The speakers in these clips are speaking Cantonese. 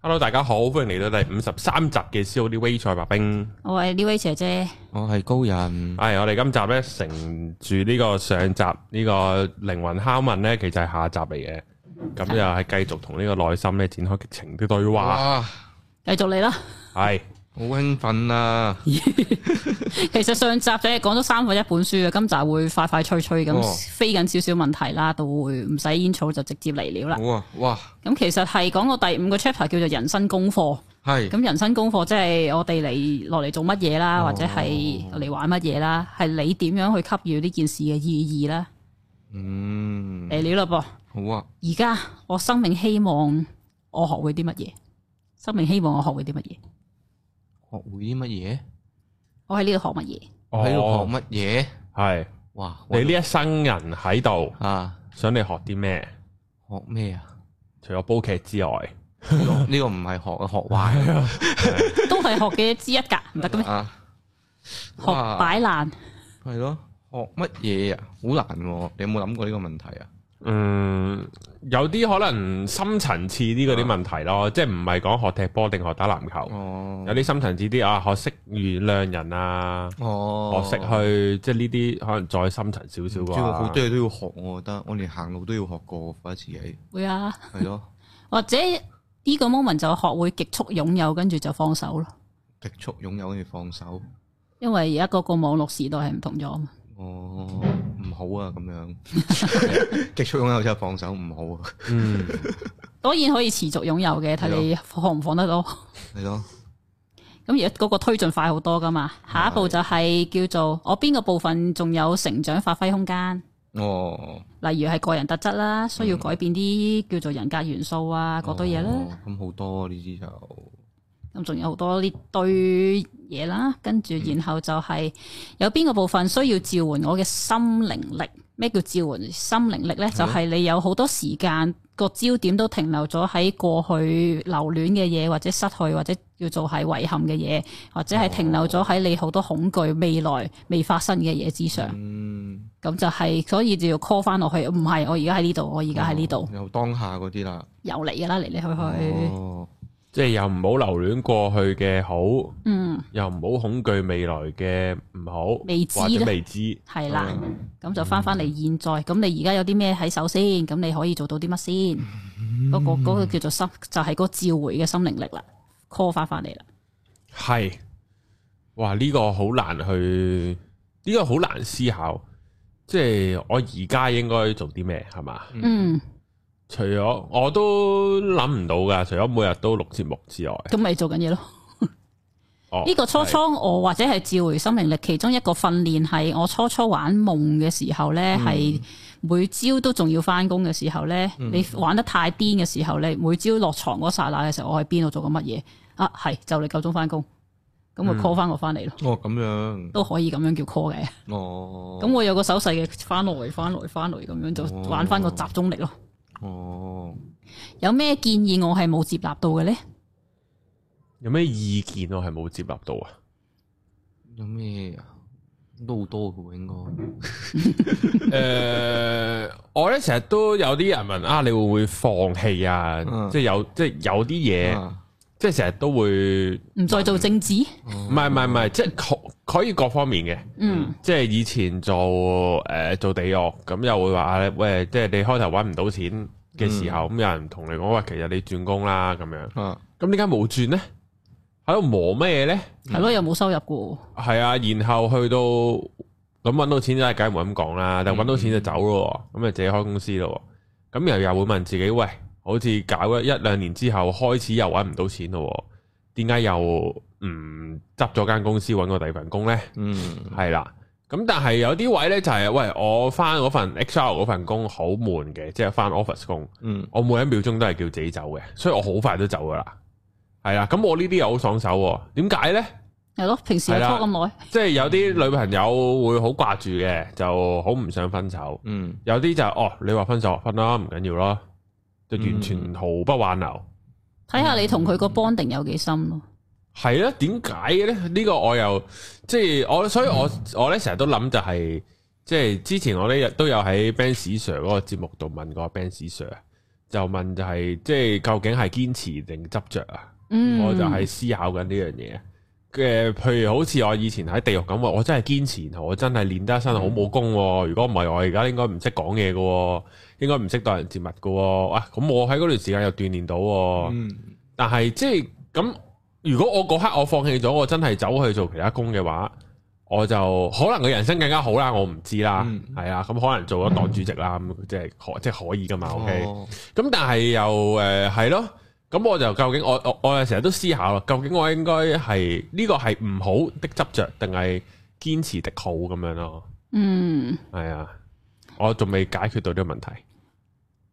Hello，大家好，歡迎嚟到第五十三集嘅《CEO New Age 白兵》，我係 New Age 姐姐，我係高人，係我哋今集咧，乘住呢個上集呢個靈魂拷問咧，其實係下集嚟嘅，咁又係繼續同呢個內心咧展開激情嘅對話，繼續嚟啦，係。好興奮啊！ 其實上集就係講咗三分一本書啊。今集會快快脆脆咁飛緊少少問題啦，都會唔使煙草就直接嚟了啦。好、哦、啊，哇！咁其實係講個第五個 chapter 叫做人生功課。係咁是，人生功課即係我哋嚟落嚟做乜嘢啦，或者係嚟玩乜嘢啦，係、哦、你點樣去給予呢件事嘅意義咧？嗯，嚟了啦，噃好啊。而家我生命希望我學會啲乜嘢？生命希望我學會啲乜嘢？學會啲乜嘢？我喺呢度學乜嘢？我喺度學乜嘢？係哇，你呢一生人喺度啊，想你學啲咩？學咩啊？除咗煲劇之外，呢個唔係學學壞啊，都係學嘅之一噶，唔得噶咩？啊，學擺爛係咯？學乜嘢啊？好難喎，你有冇諗過呢個問題啊？嗯，有啲可能深層次啲嗰啲問題咯，啊、即係唔係講學踢波定學打籃球，哦、有啲深層次啲啊，學識原諒人啊，哦、學識去即係呢啲可能再深層少少啩。好多嘢,都要學，我覺得我連行路都要學過，我自己。會啊，係咯、哦， 或者呢個 moment 就學會極速擁有，跟住就放手咯。極速擁有跟住放手，因為而家個個網絡時代係唔同咗。哦，唔好啊，咁樣，極速擁有之後放手唔好啊。嗯，當然可以持續擁有嘅，睇你放唔放得到。係咯吧，咁而家嗰個推進快好多噶嘛，的下一步就係叫做我邊個部分仲有成長發揮空間。哦，例如係個人特質啦，需要改變啲叫做人格元素啊，嗰堆嘢啦。咁好、哦、多呢、啊、啲就。咁仲有好多呢堆嘢啦，跟住然後就係有邊個部分需要召喚我嘅心靈力？咩叫召喚心靈力咧？的就係你有好多時間個焦點都停留咗喺過去留戀嘅嘢，或者失去，或者叫做係遺憾嘅嘢，或者係停留咗喺你好多恐懼未來未發生嘅嘢之上。咁、哦、就係所以就要 call 翻落去。唔係我而家喺呢度，我而家喺呢度，有、哦、當下嗰啲啦，有嚟噶啦，嚟嚟去去。哦即係又唔好留戀過去嘅好，嗯，又唔好恐懼未來嘅唔好，未知未知，係啦，咁，嗯，就翻翻嚟現在。咁，嗯，你而家有啲咩喺手先？咁你可以做到啲乜先？嗰個，嗯，嗰個叫做心，就係嗰個召回嘅心靈力啦，call 翻翻嚟啦。係，嗯，哇！呢個好難去，呢個好難思考。即係我而家應該做啲咩？係嘛？嗯。除咗我，我都諗唔到噶，除咗每日都錄節目之外，咁咪做緊嘢咯。呢、 哦、個初初我或者係召回生命力其中一個訓練，係我初初玩夢嘅時候咧，係、嗯、每朝都仲要翻工嘅時候咧，嗯、你玩得太癲嘅時候咧，每朝落床嗰剎那嘅時候，我喺邊度做緊乜嘢？啊，係就你夠鐘翻工，咁就 call 翻我翻嚟咯。哦，咁樣都可以咁樣叫 call 嘅。哦，咁我有個手勢嘅，翻落嚟翻落嚟翻落嚟咁樣就玩翻個集中力咯。哦，有咩建議我係冇接納到嘅咧？有咩意見我係冇接納到啊？有咩都好多㗎應該。誒，我咧成日都有啲人問啊，你會唔會放棄啊？啊即係有即係有啲嘢，啊。即係成日都會唔再做政治？唔係唔係唔係，即係可以各方面嘅，嗯，即係以前做誒、呃、做地獄，咁又會話啊喂，即係你開頭搵唔到錢嘅時候，咁、嗯、有人同你講話，其實你轉工啦咁樣，啊，咁點解冇轉呢？喺度磨咩嘢咧？係咯、嗯啊，又冇收入噶，係啊，然後去到咁搵到錢就梗係唔咁講啦，但係搵到錢就走咯，咁啊、嗯、自己開公司咯，咁又又會問自己喂。好似搞咗一兩年之後開始又搵唔到錢咯，點解又唔執咗間公司搵我第二份工呢？嗯，係啦。咁但係有啲位呢，就係喂，我翻嗰份 Excel 嗰份工好悶嘅，即係翻 office 工。嗯，我每一秒鐘都係叫自己走嘅，所以我好快都走噶啦。係啦，咁我呢啲又好爽手，點解呢？係咯了，平時拖咁耐，即係有啲女朋友會好掛住嘅，就好唔想分手。嗯，有啲就是、哦，你話分手，分啦，唔緊要咯。就完全毫不挽留，睇下、嗯、你同佢個綁定有幾深咯。係啊，點解嘅咧？呢、呢個我又即係我，所以我、嗯、我咧成日都諗就係、是，即係之前我呢日都有喺 Ben Sir 嗰個節目度問過 Ben Sir，嗯、就問就係、是，即係究竟係堅持定執着啊？嗯，我就係思考緊呢樣嘢嘅，嗯、譬如好似我以前喺地獄咁，我真係堅持，我真係練得一身好武功、哦。如果唔係，我而家應該唔識講嘢嘅。應該唔識待人接物噶，哇！咁我喺嗰段時間又鍛煉到，嗯、但係即係咁。如果我嗰刻我放棄咗，我真係走去做其他工嘅話，我就可能佢人生更加好、嗯、啦。我唔知啦，係啊，咁可能做咗黨主席啦，咁即係可即係可以噶嘛？O K，咁但係又誒係咯，咁我就究竟我我我成日都思考咯，究竟我應該係呢個係唔好的執着，定係堅持的好咁樣咯？嗯，係啊，我仲未解決到呢個問題。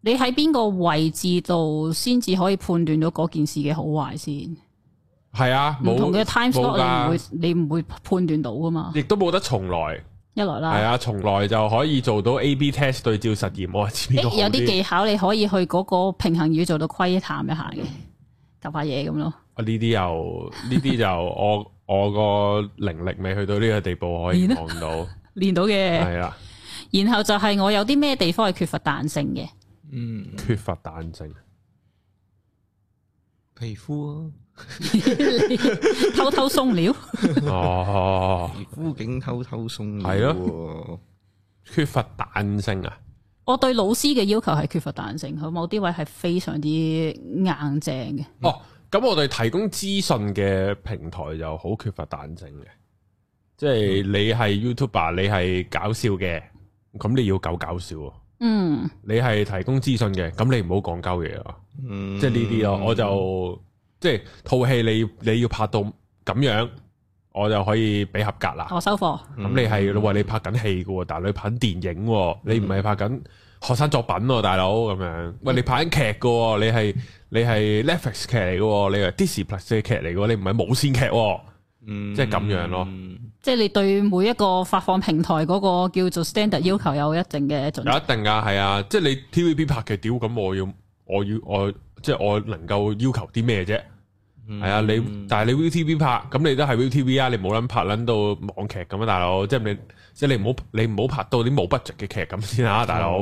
你喺邊個位置度先至可以判斷到嗰件事嘅好壞先？係啊，唔同嘅 time slot 你唔會，你唔會判斷到噶嘛？亦都冇得重來，一來啦，係啊，重來就可以做到 A/B test 對照實驗。我、欸、有啲技巧，你可以去嗰個平衡椅做到窺探一下嘅，就下嘢咁咯。啊，呢啲又呢啲就我我個靈力未去到呢個地步，可以講到練 到嘅係啦。 到的 然後就係我有啲咩地方係缺乏彈性嘅。嗯，缺乏彈性，皮膚啊偷偷鬆了哦，皮膚竟偷偷鬆，係咯，缺乏彈性啊！我對老師嘅要求係缺乏彈性，好冇啲位係非常之硬正嘅。嗯、哦，咁我哋提供資訊嘅平台就好缺乏彈性嘅，即係你係 YouTuber，你係搞笑嘅，咁你要搞搞笑。嗯，你係提供資訊嘅，咁你唔好講交嘢啊，嗯、即係呢啲咯。我就即係套戲你你要拍到咁樣，我就可以俾合格啦。我收貨。咁、嗯、你係為你拍緊戲嘅，但係你拍緊電影，你唔係拍緊、嗯、學生作品喎，大佬咁樣。喂，你拍緊劇嘅，你係你係 Netflix 劇嚟嘅，你係 Disney Plus 嘅劇嚟嘅，你唔係無線劇，即係咁樣咯。即係你對每一個發放平台嗰個叫做 standard 要求有一定嘅，有一定噶係啊！即係你 TVB 拍劇屌咁，我要我要我即係我能夠要求啲咩啫？係、嗯、啊，你但係你 VTV 拍咁，你都係 VTV 啊！你冇諗拍諗到網劇咁啊，大佬！即係你即係你唔好你唔好拍到啲冇 budget 嘅劇咁先啊，大佬！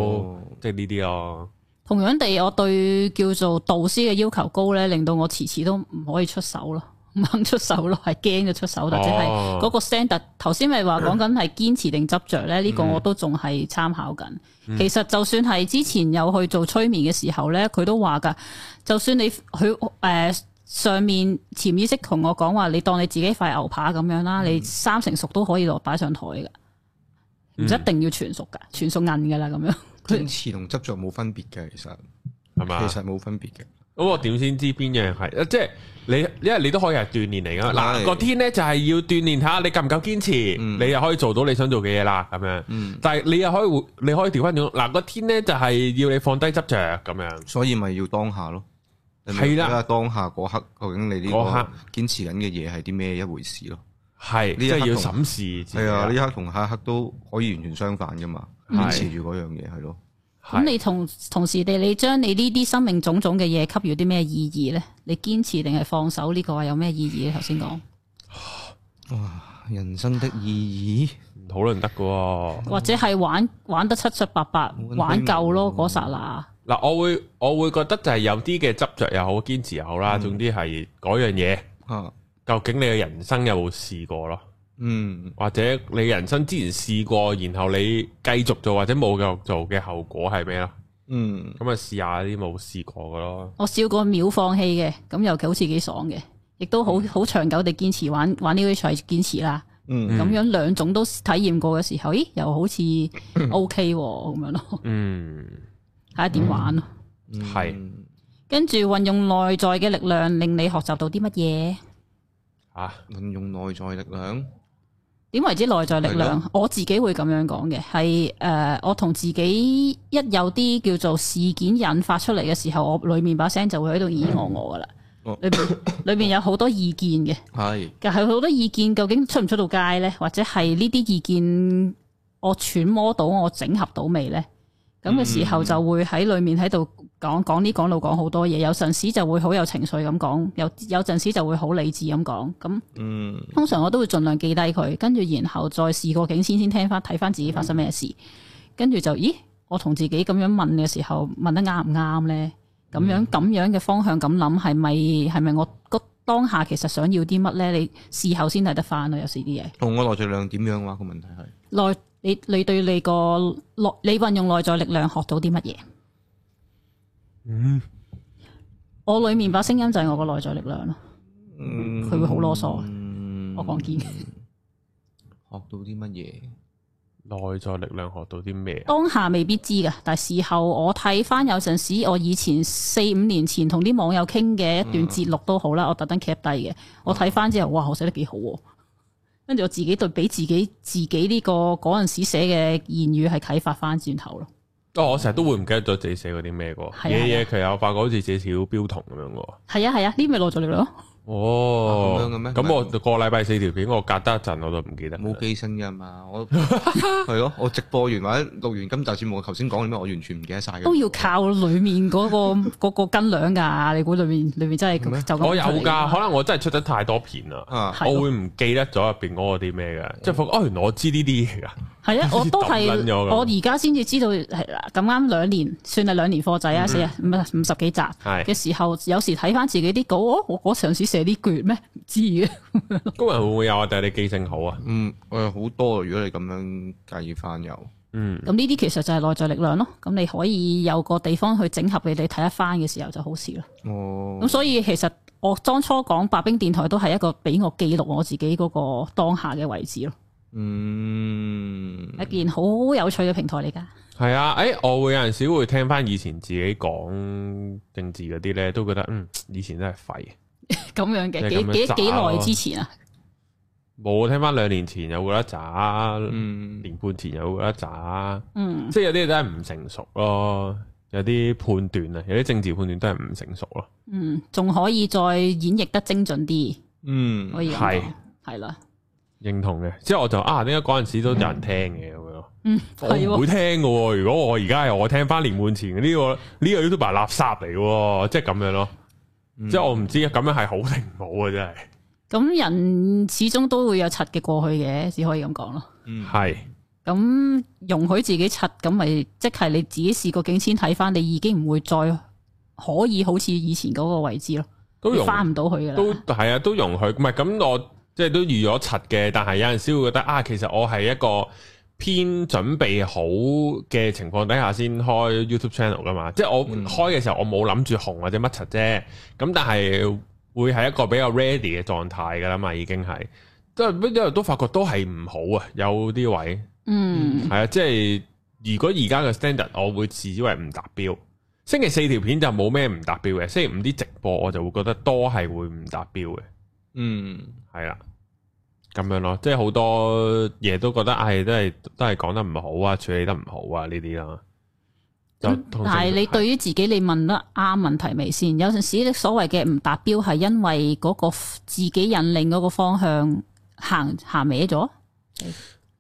即係呢啲咯。同樣地，我對叫做導師嘅要求高咧，令到我遲遲都唔可以出手咯。掹出手咯，係驚嘅出手，或者係嗰個 standard。頭先咪話講緊係堅持定執着咧，呢、呢個我都仲係參考緊。嗯、其實就算係之前有去做催眠嘅時候咧，佢都話噶，就算你佢誒、呃、上面潛意識同我講話你當你自己塊牛扒咁樣啦，嗯、你三成熟都可以落擺上枱噶，唔、嗯、一定要全熟噶，全熟硬噶啦咁樣。堅持同執着冇分別嘅，吧其實係嘛？其實冇分別嘅。咁我點先知邊樣係？誒，即係你，因為你都可以係鍛煉嚟噶。嗱，個天咧就係要鍛煉下你夠唔夠堅持，嗯、你又可以做到你想做嘅嘢啦。咁樣，嗯、但係你又可以，你可以調翻轉。嗱，個天咧就係要你放低執着咁樣，所以咪要當下咯。係啦，的當下嗰刻究竟你呢個堅持緊嘅嘢係啲咩一回事咯？係刻，即係要審視。係啊，呢一刻同下一刻都可以完全相反噶嘛。堅、就是、的持住嗰樣嘢，係咯。咁你同同時地，你將你呢啲生命種種嘅嘢給予啲咩意義呢？你堅持定係放手呢個話有咩意義咧？頭先講，哇，人生的意義討論 得嘅、啊，或者係玩玩得七七八八、嗯、玩夠咯嗰剎那。嗱、啊，我會我會覺得就係有啲嘅執着又好，堅持又好啦，總之係嗰樣嘢。嗯、究竟你嘅人生有冇試過咯？嗯，或者你人生之前試過，然後你繼續做或者冇繼續做嘅後果係咩啦？嗯，咁啊試下啲冇試過嘅咯。我試過秒放棄嘅，咁又好似幾爽嘅，亦都好好、嗯、長久地堅持玩玩呢啲賽堅持啦。嗯，咁樣兩種都體驗過嘅時候，咦，又好似 OK 咁、啊嗯、樣咯。嗯，睇下點玩咯。係、嗯，跟住運用內在嘅力量，令你學習到啲乜嘢？啊，運用內在力量。點為之內在力量？的我自己會咁樣講嘅，係誒、呃，我同自己一有啲叫做事件引發出嚟嘅時候，我裡面把聲就會喺度議議我我㗎喇，裏、嗯、面裏、哦、面有好多意見嘅，係、哦，但係好多意見究竟出唔出到街呢？或者係呢啲意見我揣摩到我整合到未呢？咁嘅時候就會喺裡面喺度。講講呢講路講好多嘢，有陣時就會好有情緒咁講，有有陣時就會好理智咁講。咁、嗯、通常我都會盡量記低佢，跟住然後再試過境先先聽翻睇翻自己發生咩事，跟住、嗯、就咦，我同自己咁樣問嘅時候問得啱唔啱呢？咁樣咁、嗯、樣嘅方向咁諗，係咪係咪我個當下其實想要啲乜呢？你事後先睇得翻咯，有時啲嘢。同我內在力量點樣嘅話，個問題係內你你對你個內你運用內在力量學到啲乜嘢？嗯，我裏面把聲音就係我個內在力量咯，佢、嗯、會好囉嗦，嗯、我講見學到啲乜嘢？內在力量學到啲咩？當下未必知㗎，但係事後我睇翻有陣時，我以前四五年前同啲網友傾嘅一段節錄都好啦、嗯，我特登 cap 低嘅，我睇翻之後，哇，我寫得幾好，跟住我自己對俾自己自己呢、這個嗰陣時寫嘅言語係啟發翻轉頭咯。哦，我成日都會唔記得咗自己寫嗰啲咩喎。嘢嘢、啊，佢有我發覺好似自己小標題咁樣喎。係啊係啊，呢啲咪攞咗嚟咯。哦，咁、啊、樣嘅咩？咁我個禮拜四條片，我隔得一陣，我都唔記得。冇記性㗎嘛，我係咯， 我直播完或者錄完今集節目，咁就算冇頭先講啲咩，我完全唔記得晒。都要靠裏面嗰、嗰個斤兩㗎。你估裏面裏面真係就咁？我有㗎，可能我真係出得太多片啦。啊、我會唔記得咗入邊嗰啲咩㗎？即係發覺哦，原來我知呢啲嘢㗎。係啊，我都係，我而家先至知道，咁啱兩年算係兩年課仔啊，寫唔係五十幾集嘅是時候，有時睇翻自己啲稿，哦、我我嘗試寫啲卷咩？唔知嘅。高人會唔會有啊？但係 你記性好啊。嗯，我有好多，如果你咁樣計翻有，嗯。咁呢啲其實就係內在力量咯。咁你可以有個地方去整合俾你睇一翻嘅時候就好事咯。哦。咁所以其實我當初講白兵電台都係一個俾我記錄我自己嗰個當下嘅位置咯。嗯，一件好有趣嘅平台嚟噶。係啊，誒、欸，我會有陣時會聽翻以前自己講政治嗰啲咧，都覺得嗯，以前真係廢。咁樣嘅，幾幾幾耐之前啊？冇，聽翻兩年前有嗰一扎，嗯，年半前有嗰一扎，嗯，即係有啲嘢真係唔成熟咯，有啲判斷啊，有啲政治判斷真係唔成熟咯。嗯，仲可以再演繹得精準啲。嗯，可以係係啦。是認同嘅，之後我就啊，點解嗰陣時都有人聽嘅咁樣？嗯，我會聽喎。如果我而家係我聽翻年半前嘅呢個呢個 YouTube 垃圾嚟喎，即係咁樣咯。嗯、即係我唔知咁樣係好定唔好啊！真係。咁、嗯、人始終都會有柒嘅過去嘅，只可以咁講咯。嗯，係。咁容許自己柒，咁咪即係你自己事過境遷睇翻你已經唔會再可以好似以前嗰個位置咯容。都容翻唔到去嘅。都係啊，都容許，唔係咁我。即係都預咗柒嘅，但係有陣時會覺得啊，其實我係一個偏準備好嘅情況底下先開 YouTube channel 噶嘛。即係我開嘅時候，嗯、我冇諗住紅或者乜柒啫。咁但係會係一個比較 ready 嘅狀態噶啦嘛，已經係。都不過都發覺都係唔好啊，有啲位，嗯，係啊，即係如果而家嘅 standard，我會自以為唔達標。星期四條片就冇咩唔達標嘅，星期五啲直播我就會覺得多係會唔達標嘅。嗯，係啦，咁樣咯，即係好多嘢都覺得唉、哎，都係都係講得唔好啊，處理得唔好啊呢啲咯。但係你對於自己，的你問得啱問題未先？有陣時，你所謂嘅唔達標，係因為嗰個自己引領嗰個方向行行歪咗。誒、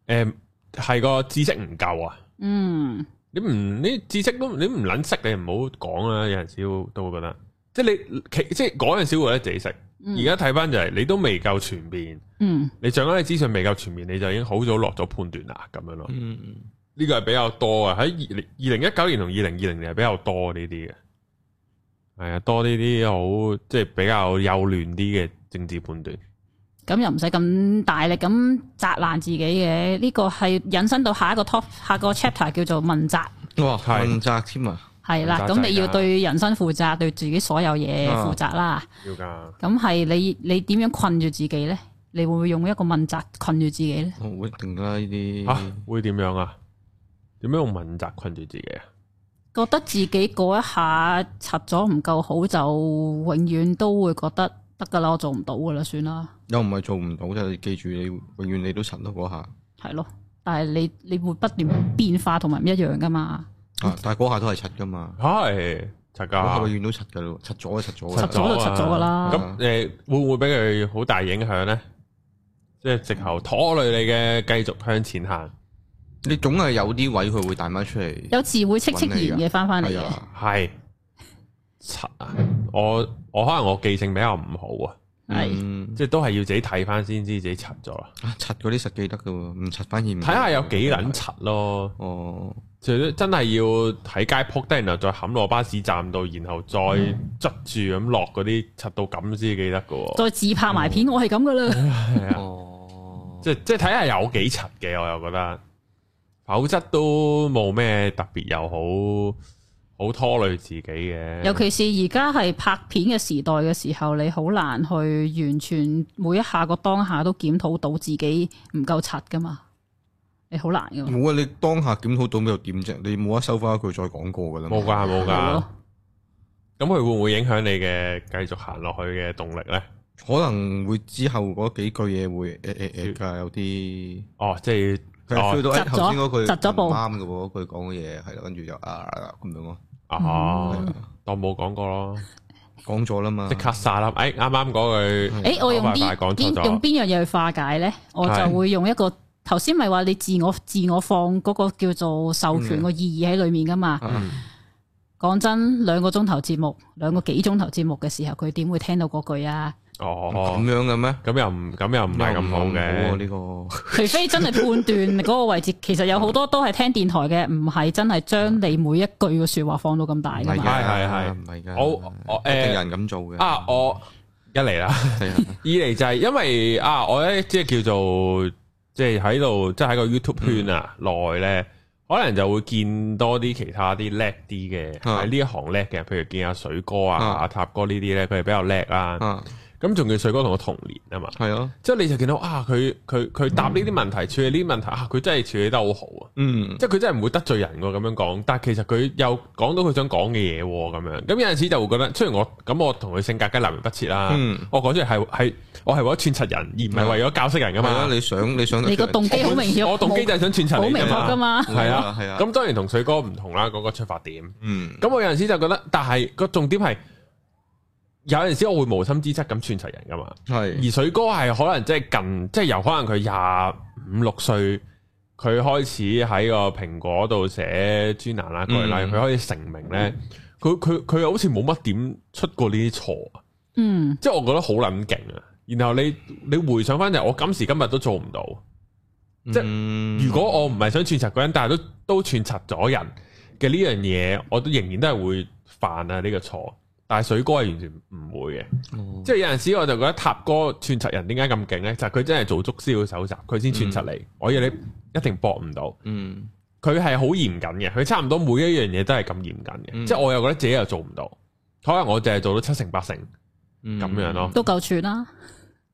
嗯，係個知識唔夠啊。嗯你。你唔呢知識都你唔撚識，你唔好講啦。有陣時都會覺得。即係你其即係嗰陣時少會自己食，而家睇翻就係你都未夠全面，嗯、你掌握嘅資訊未夠全面，你就已經好早落咗判斷啦，咁樣咯。呢、嗯、個係比較多啊，喺二零二零一九年同二零二零年係比較多呢啲嘅，係啊，多呢啲好即係比較幼嫩啲嘅政治判斷。咁又唔使咁大力咁砸爛自己嘅，呢、這個係引申到下一個 top 下個 chapter 叫做問責。哇，問責添啊！是係啦，咁你要對人生負責，對自己所有嘢負責啦。啊、要噶。咁係你你點樣困住自己咧？你會唔會用一個問責困住自己咧、啊？會點解呢啲？嚇！會點樣啊？點樣用問責困住自己啊？覺得自己嗰一下柒咗唔夠好，就永遠都會覺得得㗎啦，我做唔到㗎啦，算啦。又唔係做唔到啫，記住你永遠你都柒得嗰下。係咯，但係你你會不斷變化同埋唔一樣㗎嘛。但係嗰下都係柒噶嘛？係，柒噶，嗰下佢遠到柒噶咯，柒咗就柒咗。柒咗就柒咗噶啦。咁誒，會唔會俾佢好大影響咧？即係直頭拖累你嘅，繼續向前行。你總係有啲位佢會彈翻出嚟，有時會戚戚然嘢翻翻嚟。係，柒啊！我我可能我記性比較唔好啊。係，即係都係要自己睇翻先知自己柒咗啦。柒嗰啲實記得噶，唔柒反而睇下有幾捻柒咯。哦。就真係要喺街撲低，然後再冚落巴士站度，然後再執住咁落嗰啲，柒到咁先記得噶。再自拍埋片，嗯、我係咁噶啦。哎、呀哦， 即係即係睇下有幾柒嘅，我又覺得，否則都冇咩特別又好，好拖累自己嘅。尤其是而家係拍片嘅時代嘅時候，你好難去完全每一下個當下都檢討到自己唔夠柒噶嘛。你好難嘅。冇啊！你當下檢討到，又點啫？你冇得收翻，一句再講過噶啦。冇噶，冇噶。咁佢會唔會影響你嘅繼續行落去嘅動力咧？可能會之後嗰幾句嘢會誒誒誒，有啲哦，即係去到頭先嗰句窒咗步，啱嘅喎，佢講嘅嘢係啦，跟住就啊咁樣咯。哦，當冇講過咯，講咗啦嘛，即刻殺啦！誒，啱啱嗰句誒，我用邊用邊樣嘢去化解咧？我就會用一個。頭先咪話你自我自我放嗰個叫做授權個意義喺裏面噶嘛？講、嗯、真，兩個鐘頭節目，兩個幾鐘頭節目嘅時候，佢點會聽到嗰句、哦、啊？哦，咁樣嘅咩？咁又唔咁又唔係咁好嘅呢個？除非真係判斷嗰個位置， 其實有好多都係聽電台嘅，唔係真係將你每一句嘅說話放到咁大噶嘛。係係係，唔係嘅。好，我誒、欸、人咁做嘅、啊。 啊，我一嚟，啦，二嚟就係因為啊，我咧即係叫做。即係喺度，即係喺個 YouTube 圈啊、嗯、內咧，可能就會見多啲其他啲叻啲嘅喺呢一行叻嘅，譬如見阿水哥啊、阿、嗯啊、塔哥呢啲咧，佢係比較叻啊。嗯嗯。咁仲要水哥同我同年啊嘛，係啊，即係你就見到啊，佢佢佢答呢啲問題，處理呢啲問題啊，佢真係處理得好好啊，嗯，即係佢真係唔會得罪人嘅咁樣講，但係其實佢又講到佢想講嘅嘢咁樣，咁有陣時就會覺得，雖然我咁我同佢性格梗係南轅北轍啦，我講出嚟係係我係為咗串柒人，而唔係為咗教識人噶嘛，你想你想你個動機好明顯，我動機就係想串柒人噶嘛，係啊係啊，咁當然同水哥唔同啦，嗰個出發點，嗯，咁我有陣時就覺得，但係個重點係。有陣時我會無心之失咁串齊人噶嘛，係是。而水哥係可能即係近，即係由可能佢廿五六歲，佢開始喺個蘋果度寫專欄啦，嗰類，佢可以成名咧。佢佢佢好似冇乜點出過呢啲錯啊。嗯，即係我覺得好撚勁啊。然後你你回想翻就我今時今日都做唔到。即係、嗯、如果我唔係想串齊嗰人，但係都都串齊咗人嘅呢樣嘢，我都仍然都係會犯啊呢、這個錯。但係水哥係完全唔會嘅，嗯、即係有陣時我就覺得塔哥串柒人點解咁勁呢？就佢、是、真係做足資料搜集，佢先串出嚟，嗯、我以你一定搏唔到。嗯，佢係好嚴謹嘅，佢差唔多每一樣嘢都係咁嚴謹嘅。嗯、即係我又覺得自己又做唔到，可能我淨係做到七成八成咁、嗯、樣咯，都夠串啦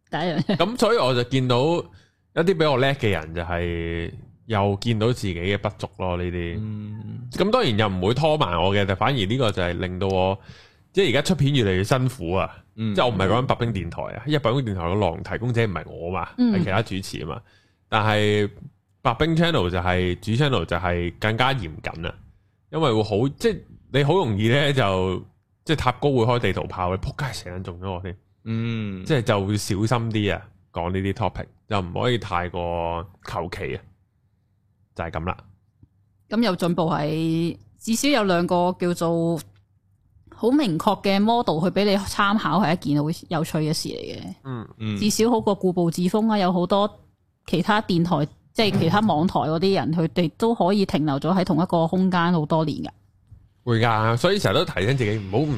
第一樣嘢。咁所以我就見到一啲比我叻嘅人，就係又見到自己嘅不足咯。呢啲咁當然又唔會拖慢我嘅，就反而呢個就係令到我。即係而家出片越嚟越辛苦啊！嗯、即係我唔係講緊白兵電台啊，嗯、因為白兵電台嘅浪提供者唔係我嘛，係、嗯、其他主持啊嘛。但係白兵 channel 就係、是、主 channel 就係更加嚴謹啊，因為會好即係你好容易咧就即係塔哥會開地圖炮嘅，扑街成日中咗我添。嗯，即係就會小心啲啊，講呢啲 topic 就唔可以太過求其啊，就係咁啦。咁又進步係，至少有兩個叫做。好明確嘅 model，去俾你參考係一件好有趣嘅事嚟嘅。嗯嗯，至少好過固步自封啊！有好多其他電台，即係其他網台嗰啲人，佢哋都可以停留咗喺同一個空間好多年噶。會噶，所以成日都提醒自己唔好唔、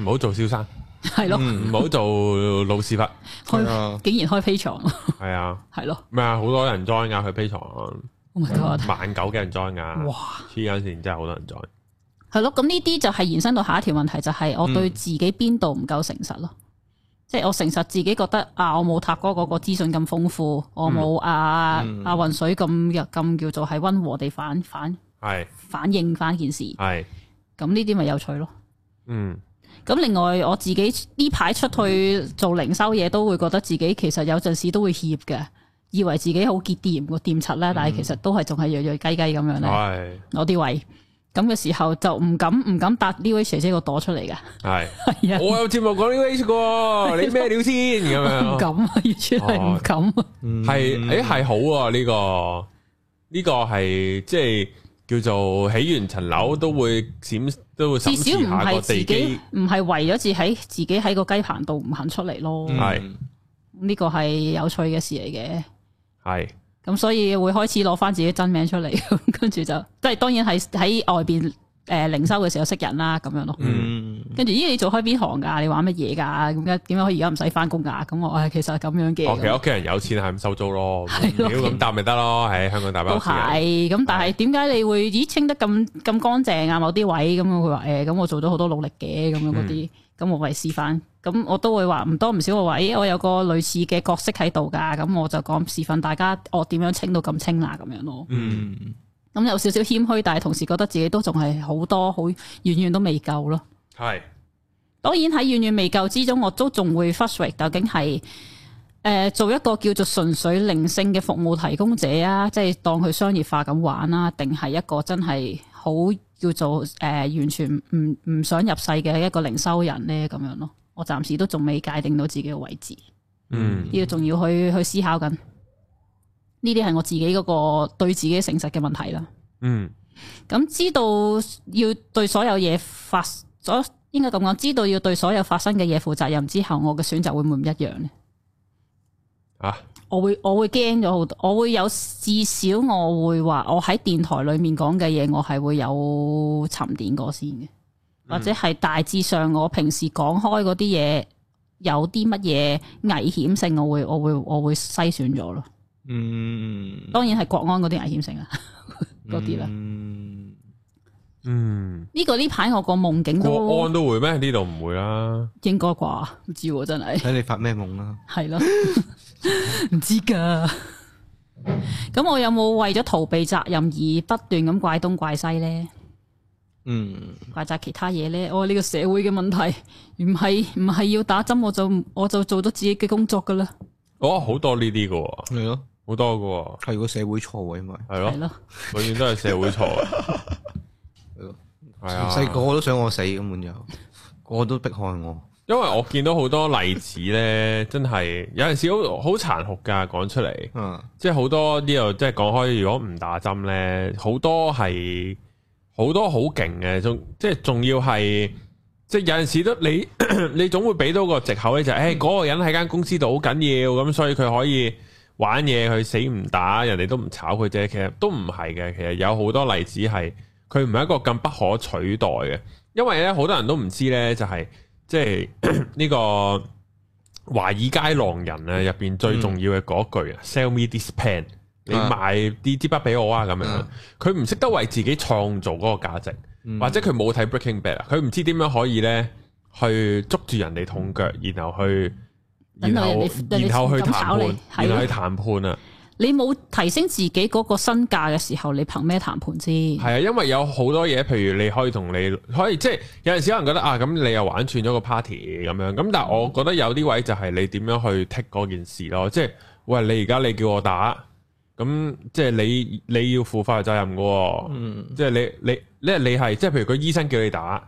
唔好做小生，係咯，唔好做老屎忽。開，竟然開 Patreon，係啊，係咯。咩啊？好多人 join 噶，去 Patreon。我萬九嘅人 join 噶。哇！黐緊線，真係好多人 join 係咯，咁呢啲就係延伸到下一條問題，就係我對自己邊度唔夠誠實咯，即係我誠實自己覺得啊，我冇塔哥嗰個資訊咁豐富，我冇阿阿雲水咁入咁叫做係溫和地反反係反映翻件事，係咁呢啲咪有趣咯，嗯，咁另外我自己呢排出去做零售嘢，都會覺得自己其實有陣時都會怯嘅，以為自己好結掂個店柒咧，但係其實都係仲係弱弱雞雞咁樣咧，攞啲位。咁嘅時候就唔敢唔敢搭呢位姐姐個朵出嚟嘅，係係啊！ 的我有節目講呢位過，你咩料先咁樣？唔 的敢啊，完全係唔敢啊！係誒、哦，係、嗯欸、好啊！呢、這個呢、這個係即係叫做起完層樓都會閃，都會至少唔係自己唔係為咗住喺自己喺個雞棚度唔肯出嚟咯。係呢個係有趣嘅事嚟嘅，係。咁所以會開始攞翻自己真名出嚟，跟住就即係當然係喺外邊，誒零收嘅時候識人啦，咁樣咯。嗯。跟住，咦？你做開邊行噶？你玩乜嘢噶？咁而家點解可以而家唔使翻工噶？咁我係其實係咁樣嘅。其實屋企、哦、樣人有錢係咁收租咯，屌咁答咪得咯？喺、嗯、香港大把。都係，咁但係點解你會咦清得咁咁乾淨啊？某啲位咁佢話誒，咁我，、哎、我做咗好多努力嘅，咁樣嗰啲，咁、嗯、我咪試返。.咁我都會話唔多唔少個位，我有個類似嘅角色喺度噶。咁我就講示範，大家我點樣清到咁清啦，咁樣咯。嗯，咁有少少謙虛，但係同時覺得自己都仲係好多，好遠遠都未夠咯。係、嗯、當然喺遠遠未夠之中，我都仲會 f u 究竟係誒、呃、做一個叫做純粹靈性嘅服務提供者啊，即係當佢商業化咁玩啦，定係一個真係好叫做誒、呃、完全唔唔想入世嘅一個靈修人咧，咁樣咯。我暫時都仲未界定到自己嘅位置，嗯、呢個仲要去去思考緊，呢啲係我自己嗰個對自己誠實嘅問題啦。嗯，咁知道要對所有嘢發，所應該咁講，知道要對所有發生嘅嘢負責任之後，我嘅選擇會唔會唔一樣咧？啊我！我會我會驚咗好多，我會有至少我會話，我喺電台裏面講嘅嘢，我係會有沉澱過先嘅。或者係大致上，我平時講開嗰啲嘢，有啲乜嘢危險性我，我會我會我會篩選咗咯。嗯，當然係國安嗰啲危險性啦，嗰啲啦。嗯、呢、這個呢排我個夢境國安都會咩？呢度唔會啦、啊，應該啩？唔知、啊、真係睇你發咩夢啦。係咯 對了，唔 知噶道。咁 我有冇為咗逃避責任而不斷咁怪東怪西咧？嗯，或者其他嘢咧，我、哦、呢、呢個社會嘅問題，唔係唔係要打針我就我就做咗自己嘅工作噶啦。哦，好多呢啲噶，係咯、啊，好多噶，係個社會錯啊，因為係咯，永遠都係社會錯。係 啊，細個我都想我死咁樣，個個都逼害我，因為我見到好多例子咧，真係有陣時好好殘酷噶，講出嚟，嗯，即係好多呢個，即係講開，如果唔打針咧，好多係。好多好勁嘅，仲即係仲要係，即係有陣時都你 你總會俾到個借口咧，就誒、是、嗰個人喺間公司度好緊要，咁所以佢可以玩嘢，去死唔打，人哋都唔炒佢啫。其實都唔係嘅，其實有好多例子係佢唔係一個咁不可取代嘅。因為咧好多人都唔知咧、就是，就係即係呢個華爾街狼人啊，入邊最重要嘅嗰句啊、嗯、，Sell me this pen，你賣啲支筆俾我啊！咁樣、嗯，佢唔識得為自己創造嗰個價值，嗯、或者佢冇睇 Breaking Bad，佢唔知點樣可以咧去捉住人哋痛腳，然後去，然後你你然後去談判，你你然後去談判啊！你冇提升自己嗰個身價嘅時候，你憑咩談判先？係啊，因為有好多嘢，譬如你可以同你可以即係有陣時可能覺得啊，咁你又玩串咗個 party 咁樣，咁但係我覺得有啲位就係你點樣去剔嗰件事咯，即係喂，你而家你叫我打。咁即係你你要負法律責任嘅、哦嗯，即係你你你係即係譬如個醫生叫你打，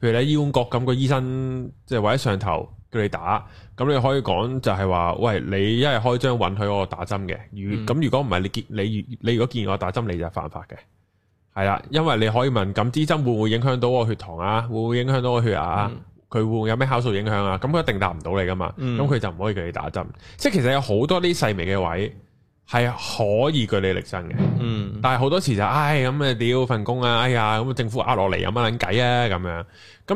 譬如喺醫管局咁個醫生即係或者上頭叫你打，咁你可以講就係話，喂，你一係開張允許我打針嘅，如咁如果唔係你見你你如果見我打針你就犯法嘅，係啦，因為你可以問，咁支針會唔會影響到我血糖啊，會唔會影響到我血壓啊，佢、嗯、會唔會有咩酵素影響啊，咁佢一定答唔到你噶嘛，咁佢就唔可以叫你打針，嗯、即係其實有好多啲細微嘅位。係可以據理力爭嘅，嗯，但係好多時就，唉、哎，咁啊屌份工啊，哎呀，咁政府壓落嚟有乜撚計啊咁樣，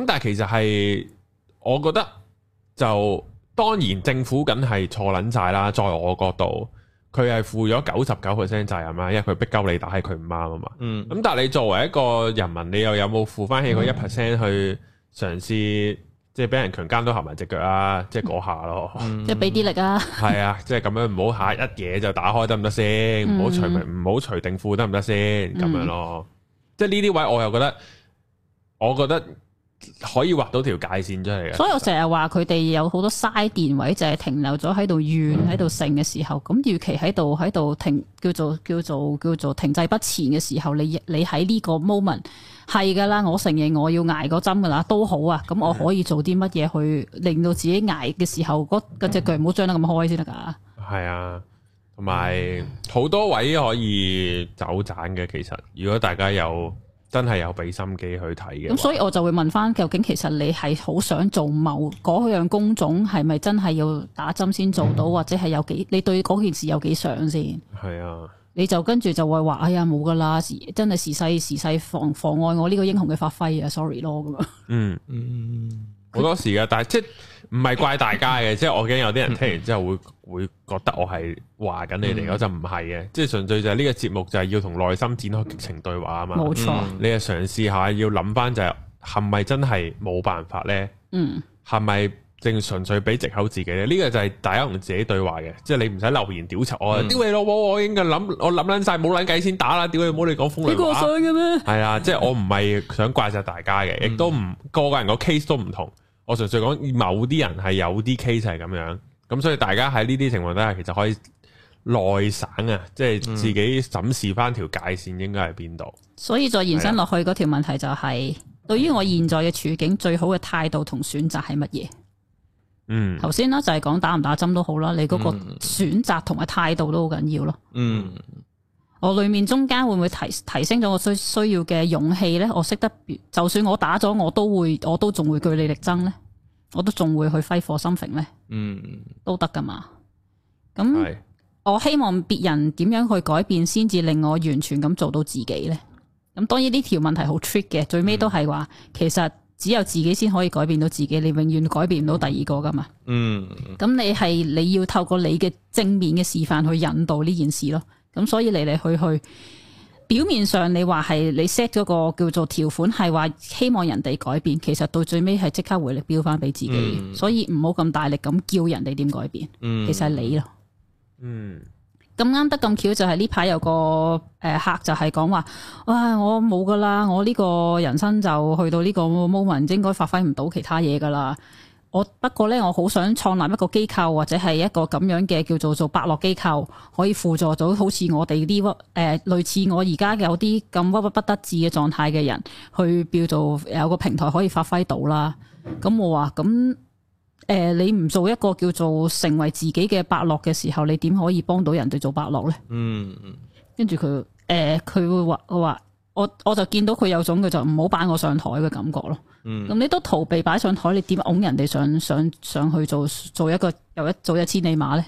咁但係其實係，我覺得就當然政府梗係錯撚曬啦，在我角度，佢係負咗九十九 percent 責任啊，因為佢逼鳩你打，係佢唔啱啊嘛，嗯，咁但係你作為一個人民，你又有冇負翻起嗰一 percent 去嘗試？即係俾人強姦都合埋隻腳啊！即係嗰下咯，即係俾啲力啊！係啊，即係咁樣唔好 下一嘢就打開得唔得先？唔好除棉，唔好除頂褲得唔得先？咁樣咯，即係呢啲位我又覺得，我覺得可以畫到條界線出嚟嘅。所以、嗯、我成日話佢哋有好多嘥電位，就係停留咗喺度怨喺度盛嘅時候，咁與其喺度喺度停叫做叫做，叫做，叫，做叫做停滯不前嘅時候，你你喺呢個 moment。係噶啦，我承認我要挨個針噶啦，都好啊。咁我可以做啲乜嘢去令到自己挨嘅時候，嗰嗰隻腳唔好張得咁開先得噶。係啊，同埋好多位可以走盞嘅，其實如果大家有真係有俾心機去睇嘅。咁所以我就會問翻，究竟其實你係好想做某嗰樣工種，係咪真係要打針先做到，嗯、或者係有幾？你對嗰件事有幾想先？係啊。你就跟住就會話哎呀冇噶啦，時真係時勢時勢妨妨礙我呢個英雄嘅發揮啊，sorry 咯咁樣。嗯嗯，好 多時噶，但係即係唔係怪大家嘅， 即係我驚有啲人聽完之後會會覺得我係話緊你哋，我、嗯、就唔係嘅，即係純粹就係呢個節目就係要同內心展開激情對話啊嘛。冇錯錯、嗯，你啊嘗試下要諗翻就係係咪真係冇辦法咧？嗯，係咪？正純粹俾藉口自己咧，呢、這個就係大家同自己對話嘅，即係你唔使留言屌柒、嗯、我。屌你老母。我應該諗，我諗捻晒冇捻計先打啦。屌你，唔好你講風涼話你過想嘅咩？係啊的，即係 我唔係想怪晒大家嘅，亦都唔個個人個 case 都唔同。我純粹講某啲人係有啲 case 係咁樣，咁所以大家喺呢啲情況底下，其實可以內省啊，即係自己審視翻條界線應該喺邊度。嗯、所以再延伸落去嗰條問題就係、是，嗯、對於我現在嘅處境，最好嘅態度同選擇係乜嘢？嗯，頭先啦，就係講打唔打針都好啦，你嗰個選擇同埋態度都好緊要咯。嗯，我裏面中間會唔會提提升咗我需需要嘅勇氣呢？我識得，就算我打咗，我都會，我都仲會據理力爭呢，我都仲會去揮霍心力呢，嗯，都得噶嘛。咁是我希望別人點樣去改變，先至令我完全咁做到自己呢？咁當然呢條問題好 trick 嘅，最尾都係話、嗯、其實。只有自己先可以改變到自己，你永遠改變唔到第二個㗎嘛。嗯，咁你係你要透過你嘅正面嘅示範去引導呢件事咯。咁所以嚟嚟去去，表面上你話係你 set 咗個叫做條款係話希望人哋改變，其實到最尾係即刻回力鏢返俾自己。嗯、所以唔好咁大力咁叫人哋點改變，嗯、其實係你咯。嗯。嗯。咁啱得咁巧就係呢排有個誒客，就係講話，哇！我冇㗎喇，我呢個人生就去到呢個 moment 應該發揮唔到其他嘢㗎喇。我不過咧，我好想創立一個機構或者係一個咁樣嘅叫做做百樂機構，可以輔助到好似我哋啲屈誒類似我而家有啲咁鬱鬱不得志嘅狀態嘅人，去叫做有個平台可以發揮到啦。咁我話咁。嗯誒、呃，你唔做一個叫做成為自己嘅伯樂嘅時候，你點可以幫到人哋做伯樂呢？嗯，跟住佢，誒、呃，佢會話我話我我就見到佢有種佢就唔好擺我上台嘅感覺咯。咁、嗯、你都逃避擺上台，你點㧬人哋上上上去做做一個又一，個做一，個做一，做一千里馬呢？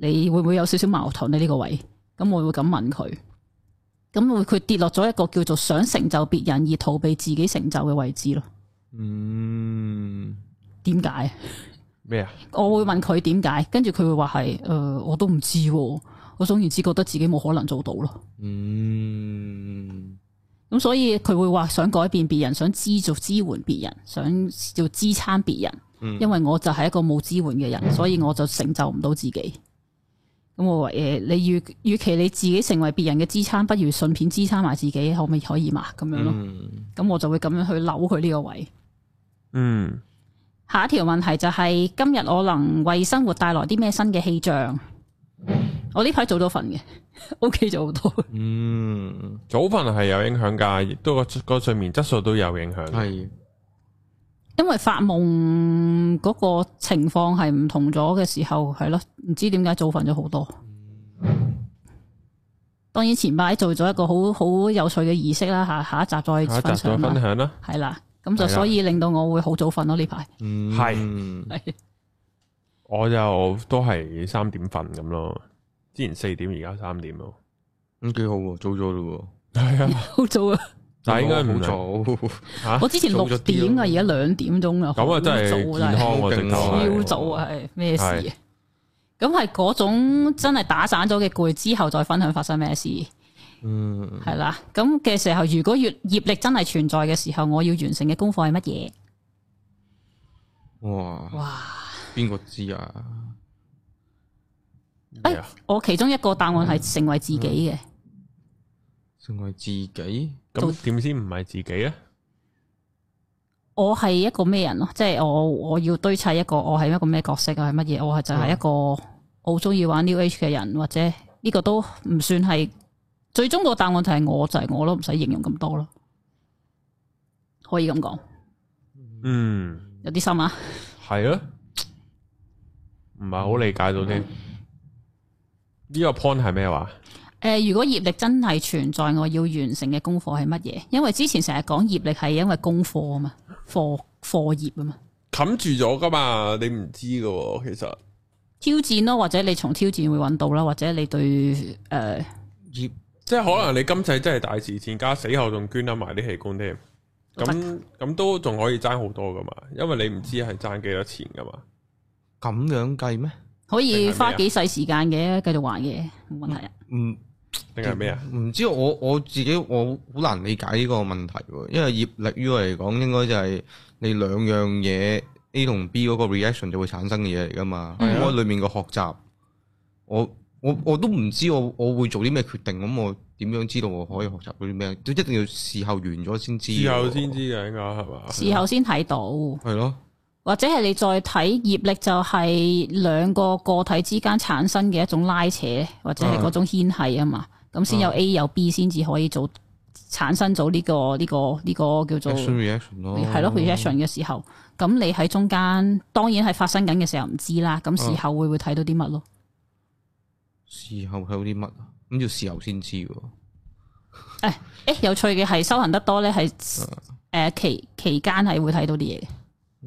你會唔會有少少矛盾喺呢個位？咁我會咁問佢，咁會佢跌落咗一個叫做想成就別人而逃避自己成就嘅位置咯。嗯。點解？咩啊？麼我會問佢點解，跟住佢會話係，誒、呃，我都唔知，我總言之覺得自己冇可能做到咯。嗯，咁所以佢會話想改變別人，想資助支援別人，想要支撐別人，人嗯、因為我就係一個冇支援嘅人，所以我就成就唔到自己。咁、嗯、我話誒、呃，你與與其你自己成為別人嘅支撐，不如順便支撐埋自己，可唔可以？可以嘛？咁樣咯，咁、嗯、我就會咁樣去扭佢呢個位。嗯。下一條問題就係、是、今日我能為生活帶來啲咩新嘅氣象？嗯、我呢排早咗瞓嘅，OK，早好多。嗯，早瞓係有影響噶，亦都個個睡眠質素都有影響。係的因為發夢嗰個情況係唔同咗嘅時候，係咯，唔知點解早瞓咗好多。嗯、當然前排做咗一個好好有趣嘅儀式啦，下下一集再分享啦。係啦。咁就所以令到我會好早瞓咯，呢排，嗯，係，我就都係三點瞓咁咯，之前四點，而家三點咯，咁幾好，早咗咯，係啊，好早啊，但係應該冇早吓，我之前六點啊，而家兩點鐘啊，咁啊真係健康喎，超早啊。係咩事？咁係嗰種真係打散咗嘅攰之後再分享發生咩事？嗯，係啦。咁嘅時候，如果業業力真係存在嘅時候，我要完成嘅功課係乜嘢？哇！哇！邊個知啊？誒、欸，麼我其中一個答案係成為自己嘅、嗯嗯。成為自己咁點先唔係自己啊？我係一個咩人咯？即、就、係、是、我我要堆砌一個我係一個咩角色，係乜嘢？我係就係一個好中意玩 New Age 嘅人，或者呢個都唔算係。最終個答案就係我就係、是、我都唔使形容咁多咯，可以咁講。嗯，有啲心啊，係啊，唔係好理解到先。呢、嗯、個 point 係咩話？誒、呃，如果業力真係存在，我要完成嘅功課係乜嘢？因為之前成日講業力係因為功課啊嘛，課課業啊嘛，冚住咗噶嘛，你唔知噶、哦。其實挑戰咯，或者你從挑戰會揾到啦，或者你對誒、呃、業。即係可能你今世真係大慈善家，死後仲捐得埋啲器官添，咁咁都仲可以賺好多噶嘛？因為你唔知係賺幾多錢噶嘛，咁樣計咩？可以花幾世時間嘅，繼續玩嘢？冇問題啊。唔定係咩啊？唔知我我自己我好難理解呢個問題，因為業力於我嚟講，應該就係你兩樣嘢 A 同 B 嗰個 reaction 就會產生嘅嘢嚟噶嘛？的我裏面個學習，我。我我都唔知我我會做啲咩決定，咁我點樣知道我可以學習到啲咩？都一定要事後完咗先知，事後先知嘅，應該係嘛？事後先睇到，係咯？或者係你再睇業力，就係兩個個體之間產生嘅一種拉扯，或者係嗰種牽係啊嘛。咁先有 A 有 B，先至可以做產生咗呢個呢個呢個叫做係 Action reaction 咯 reaction 嘅時候。咁你喺中間，當然係發生緊嘅時候唔知啦。咁事後會會睇到啲乜咯？事後睇到啲乜啊？咁要事後先知喎、哎。誒、欸、誒，有趣嘅係修行得多咧，係、呃、誒期期間係會睇到啲嘢嘅。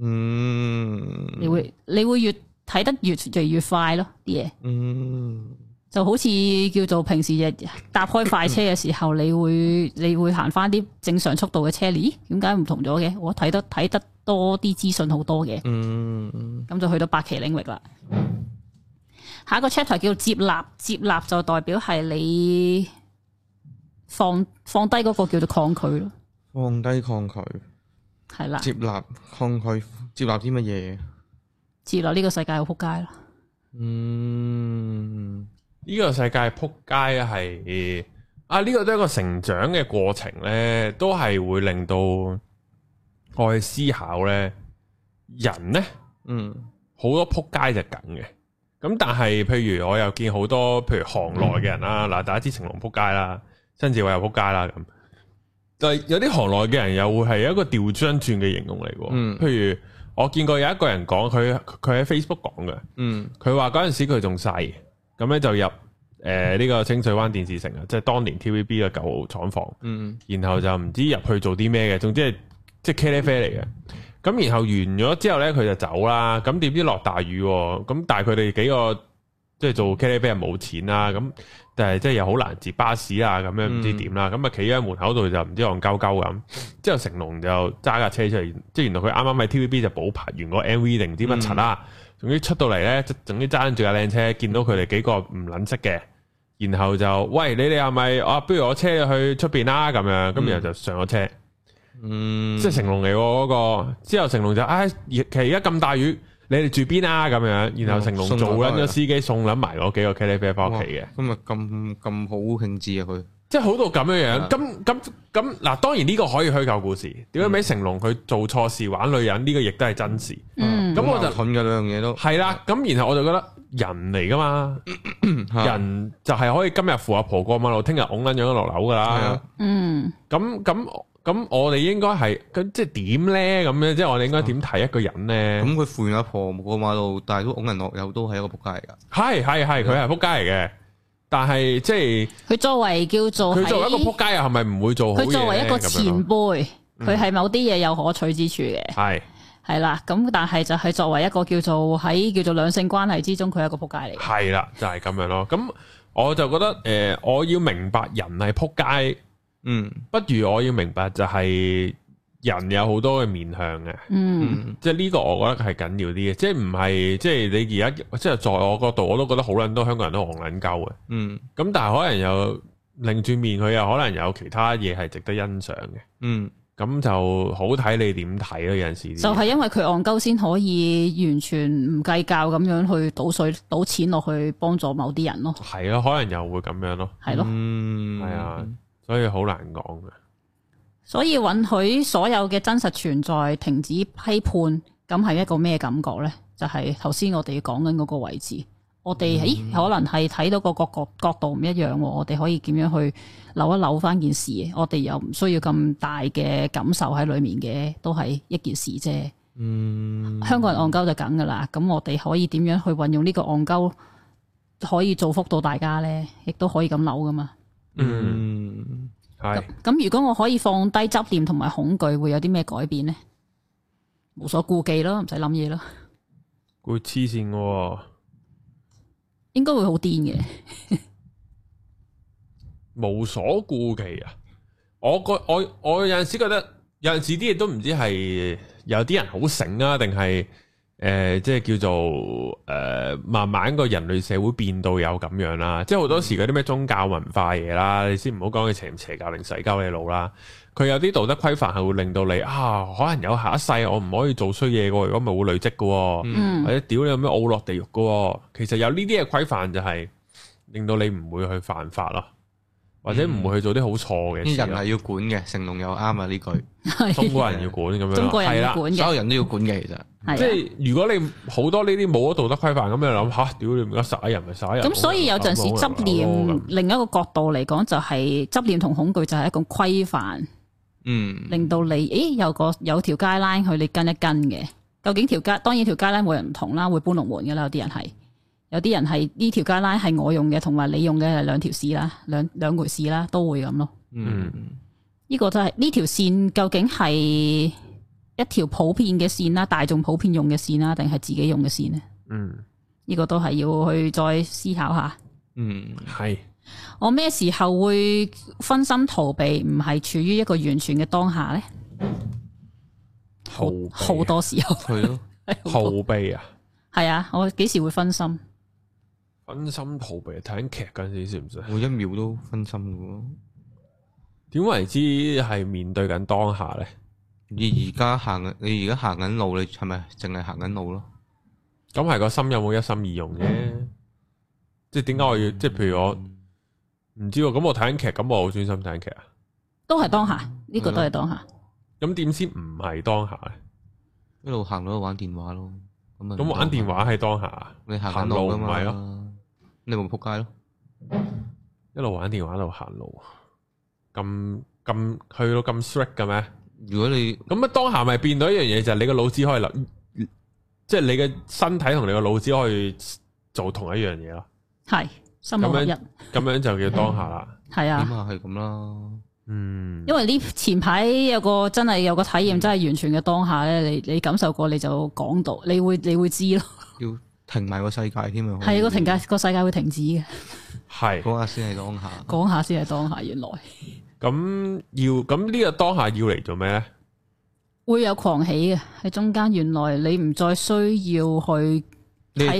嗯你，你會你會越睇得越越，越快咯啲嘢。嗯，就好似叫做平時日搭開快車嘅時候，嗯、你會你會行翻啲正常速度嘅車，咦？點解唔同咗嘅？我睇得睇得多啲資訊好多嘅。嗯，咁就去到白旗領域啦。下一個 chapter 叫接納，接納就代表係你放放低嗰個叫做抗拒咯，放低抗拒係啦，的接納抗拒，接納啲乜嘢？接納呢個世界好撲街咯。嗯，呢個世界撲街係啊，呢個都係一個成長嘅過程咧，都係會令到我哋思考咧，人咧，嗯，好多撲街就梗嘅。咁但係，譬如我又見好多，譬如行內嘅人啦，嗱、嗯啊，大家知成龍扑街啦，甄子丹又扑街啦，咁，但係有啲行內嘅人又會係一個掉章轉嘅形容嚟嘅，嗯，譬如我見過有一個人講，佢佢喺 Facebook 講嘅，嗯，佢話嗰陣時佢仲細，咁咧就入誒呢、呃這個清水灣電視城啊，即、就、係、是、當年 T V B 嘅舊廠房，嗯，然後就唔知入去做啲咩嘅，總之係即係茄喱啡嚟嘅。K 咁然後完咗之後呢，佢就走啦。咁點知落大雨、啊？咁但係佢哋幾個即係做 KTV 又冇錢啦、啊。咁但係即係又好難截巴士啊。咁樣唔知點啦、啊。咁啊企喺門口度就唔知戇鳩鳩咁。之後成龍就揸架車出嚟，即係原來佢啱啱喺 TVB 就補拍完個 MV，定唔知乜柒啦、啊嗯。總之出到嚟咧，總之揸住架靚車，見到佢哋幾個唔捻識嘅，然後就喂，你哋係咪啊？不如我車去出邊啦。咁樣，咁然後就上咗車。嗯嗯，即係成龍嚟嗰個之後，成龍就唉，其而家咁大雨，你哋住邊啊？咁樣，然後成龍做緊咗司機，送緊埋嗰幾個茄哩啡返屋企嘅。咁啊，咁咁好興致啊！佢即係好到咁樣樣。咁咁咁嗱，當然呢個可以虛構故事。點解俾成龍佢做錯事玩女人？呢個亦都係真事。嗯，咁我就混嗰兩樣嘢都係啦。咁然後我就覺得人嚟噶嘛，人就係可以今日扶阿婆過馬路，聽日拱捻樣落樓噶啦。嗯，咁咁。咁我哋應該係咁，即係點咧？咁樣即係我哋應該點睇一個人咧？咁佢富員阿婆過馬路，但係都拱人落，友，都係一個仆街嚟噶。係係係，佢係仆街嚟嘅，但係即係佢作為叫做佢作為一個仆街啊，係咪唔會做好嘢？佢作為一個前輩，佢係某啲嘢有可取之處嘅。係係啦，咁但係就係作為一個叫做喺叫做兩性關係之中，佢係一個仆街嚟。係啦，就係咁樣咯。咁我就覺得誒、嗯，我要明白人係仆街。嗯，不如我要明白就係人有好多嘅面向嘅，嗯，嗯即係呢個我覺得係緊要啲嘅，即係唔係即係你而家即係在我角度，我都覺得好捻多香港人都戇捻鳩嘅，嗯，咁但係可能又，擰轉面，佢又可能有其他嘢係值得欣賞嘅，嗯，咁就好睇你點睇咯，有陣時就係因為佢戇鳩先可以完全唔計較咁樣去倒水倒錢落去幫助某啲人咯，係咯、啊，可能又會咁樣咯，係咯的，嗯，係啊、嗯。嗯所以好難講嘅，所以允許所有嘅真實存在停止批判，咁係一個咩感覺呢？就係頭先我哋講緊嗰個位置，我哋誒、嗯、可能係睇到個各角角度唔一樣、哦，我哋可以點樣去扭一扭翻件事？我哋又唔需要咁大嘅感受喺裏面嘅，都係一件事啫。嗯，香港人戇鳩就梗噶啦，咁我哋可以點樣去運用呢個戇鳩，可以造福到大家呢？亦都可以咁扭噶嘛？嗯，係那。咁是如果我可以放低執念同埋恐懼，會有啲咩改變咧？無所顧忌咯，唔使諗嘢咯。啊、會黐綫嘅，應該會好癲嘅。無所顧忌啊！我個我我有陣時覺得有陣時啲嘢都唔知係有啲人好醒啊，定係？誒、呃，即係叫做誒、呃，慢慢個人類社會變到有咁樣啦，即係好多時嗰啲咩宗教文化嘢啦，嗯、你先唔好講佢邪唔邪教定係洗你腦啦，佢有啲道德規範係會令到你啊，可能有下一世我唔可以做衰嘢嘅，如果咪會累積嘅、哦，嗯、或者屌你有咩墮落地獄嘅、哦，其實有呢啲嘅規範就係令到你唔會去犯法咯。或者唔會去做啲好錯嘅事，啲人係要管嘅。成龍又啱啊呢句，中國人要管咁樣，係啦，所有人都要管嘅。其實，即係如果你好多呢啲冇咗道德規範咁樣諗，吓，屌你而家耍人咪耍人。咁所以有陣時執念，另一個角度嚟講，就係執念同恐懼就係一種規範，嗯，令到你，誒，有個有條街 line 去你跟一跟嘅。究竟條街，當然條街 line 冇人唔同啦，會搬龍門噶啦，有啲人係。有啲人係呢條膠拉，係我用嘅，同埋你用嘅係兩條線啦，兩兩回事啦，都會咁咯。嗯，呢個都係呢條線究竟係一條普遍嘅線啦，大眾普遍用嘅線啦，定係自己用嘅線呢？嗯，呢個都係要去再思考下。嗯，係。我咩時候會分心逃避？唔係處於一個完全嘅當下呢？逃避？好好多時候係咯，逃避啊，係啊，我幾時會分心？分心逃避睇緊劇嗰陣時算唔算？每一秒都分心嘅喎。點為之係面對緊當下咧？你而家行，你而家行緊路，你係咪淨係行緊路咯？咁係個心有冇一心二用啫？嗯、即係點解我要？即係譬如我唔知咁。我睇緊劇，咁我好專心睇緊劇啊。都係當下，呢、這個都係當下。咁點先唔係當下？一路行到玩電話咯。咁玩電話係當下，你行緊路噶嘛？你咪撲街咯！一路玩電話，一路行路，咁咁去到咁 strict 嘅咩？如果你咁啊當下咪變到一樣嘢，就係、是、你個腦子可以諗，即係、嗯、你嘅身體同你嘅腦子可以做同一樣嘢咯。係咁樣，咁樣就叫當下、啊、啦。係啊，咁啊係咁啦。嗯，因為呢前排有個真係有個體驗，真係完全嘅當下咧，你你感受過你就講到，你會你會，你會知咯。停埋個世界添啊！係個停格個世界會停止嘅。係 的 講下先係當下。講下先係當下，原來。咁 要咁呢個當下要嚟做咩咧？會有狂喜嘅喺中間。原來你唔再需要去睇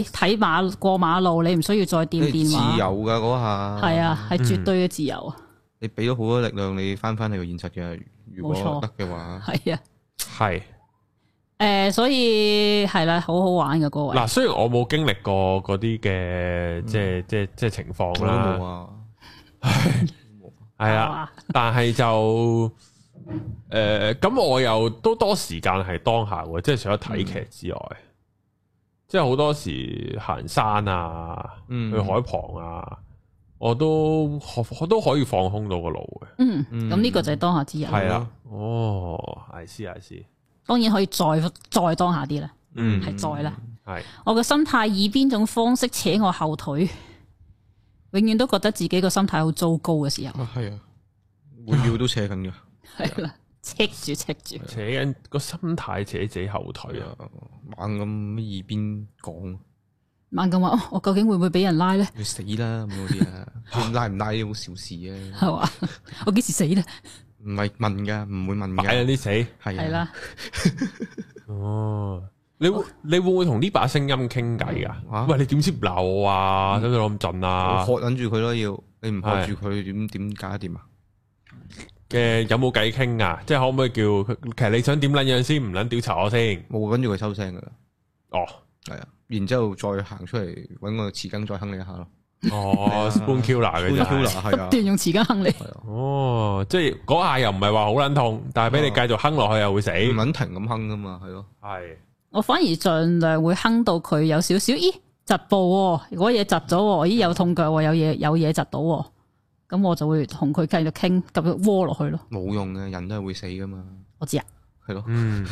睇你馬過馬路，你唔需要再掂電話。自由噶嗰下。係啊，係絕對嘅自由。嗯、你俾咗好多力量，你翻翻去現實嘅，如果得嘅話，係啊，係。的誒、呃，所以係啦，好好玩嘅各位。嗱、啊，雖然我冇經歷過嗰啲嘅，即係即係即係情況啦。冇啊、嗯，係、嗯、啊、呃，但係就誒，咁我又都多時間係當下嘅，即係除咗睇劇之外，即係好多時行山啊，去海旁啊，我都可都可以放空到路、嗯、個腦嘅、嗯。嗯，咁呢個就係當下之有。係啦，哦，係、哎、師，係、哎、師。當然可以再在當下啲啦，係再啦。我個心態以邊種方式扯我後腿，永遠都覺得自己個心態好糟糕嘅時候。係啊，會要都扯緊嘅。係啦，扯住扯住。扯緊個心態扯自己後腿啊！猛咁耳邊講，猛咁話哦，我究竟會唔會俾人拉咧？會死啦！冇啲啊，拉唔拉都小事啊。係嘛？我幾時死咧？唔係問噶，唔會問，擺人啲死，係啦的。 哦，你你會唔會同呢把聲音傾偈噶？嗯啊、喂，你點先唔鬧我啊？點解咁盡啊？學忍住佢咯，要你唔學住佢，點點搞得掂啊？嘅、欸、有冇偈傾啊？即係可唔可以叫？其實你想點捻樣，樣先？唔捻調查我先，嗯、我跟住佢收聲噶啦。哦，係啊，然之後再，出再行出嚟搵個匙羹再哼你一下咯。哦，Spoon killer 不斷用匙羹坑你。哦，即係嗰下又唔係話好撚痛，但係俾你繼續坑落去又會死，唔撚停咁坑噶嘛，係咯。係，我反而盡量會坑到佢有少少，咦，窒步喎，如果嘢窒咗，我咦有痛腳，有嘢有嘢窒到，咁我就會同佢繼續傾，繼續窩落去咯。冇用嘅，人都係會死噶嘛。我知啊，係咯，嗯，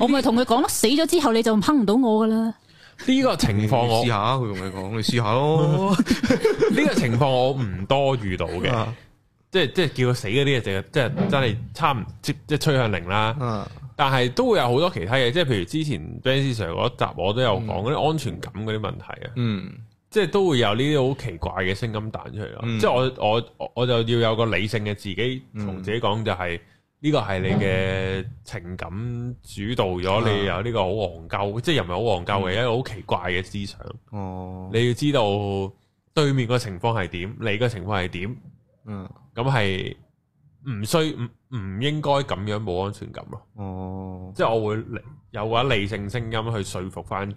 我咪同佢講咯，死咗之後你就坑唔到我噶啦。呢個情況我試下佢同你講，你試下咯。呢個情況我唔多遇到嘅，啊，即係即係叫佢死嗰啲就即係真係差唔即即係趨向零啦。啊，但係都會有好多其他嘢，即係譬如之前 Ben Sir 嗰集我都有講嗰啲安全感嗰啲問題啊。嗯，即係都會有呢啲好奇怪嘅聲音彈出嚟咯。嗯，即係我我我就要有個理性嘅自己同，嗯、自己講就係，是。呢個係你嘅情感主導咗你有呢個好戇鳩，嗯、即係又唔係好戇鳩嘅一個好奇怪嘅思想。哦、嗯，你要知道對面個情況係點，你個情況係點。嗯，咁係唔需唔唔應該咁樣冇安全感咯。哦、嗯，即係我會有個理性聲音去說服翻。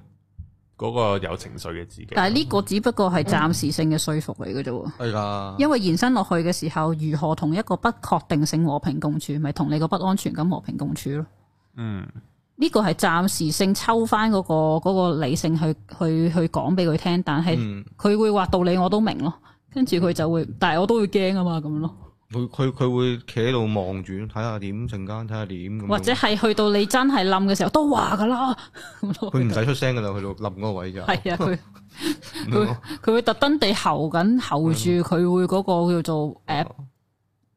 嗰個有情緒嘅自己，但係呢個只不過係暫時性嘅說服嚟嘅啫喎。係㗎、嗯，因為延伸落去嘅時候，如何同一個不確定性和平共處，咪同你個不安全感和平共處咯。嗯，呢個係暫時性抽翻嗰個理性去去去、去講俾佢聽，但係佢會話道理我都明咯，跟住佢就會，嗯、但係我都會驚啊嘛咁咯。佢佢佢會企喺度望住，睇下點陣間，睇下點咁。或者係去到你真係冧嘅時候，都話噶啦。佢唔使出聲噶啦，去到冧個位就係啊！佢佢佢會特登地候緊，候住佢會嗰個叫做誒、呃、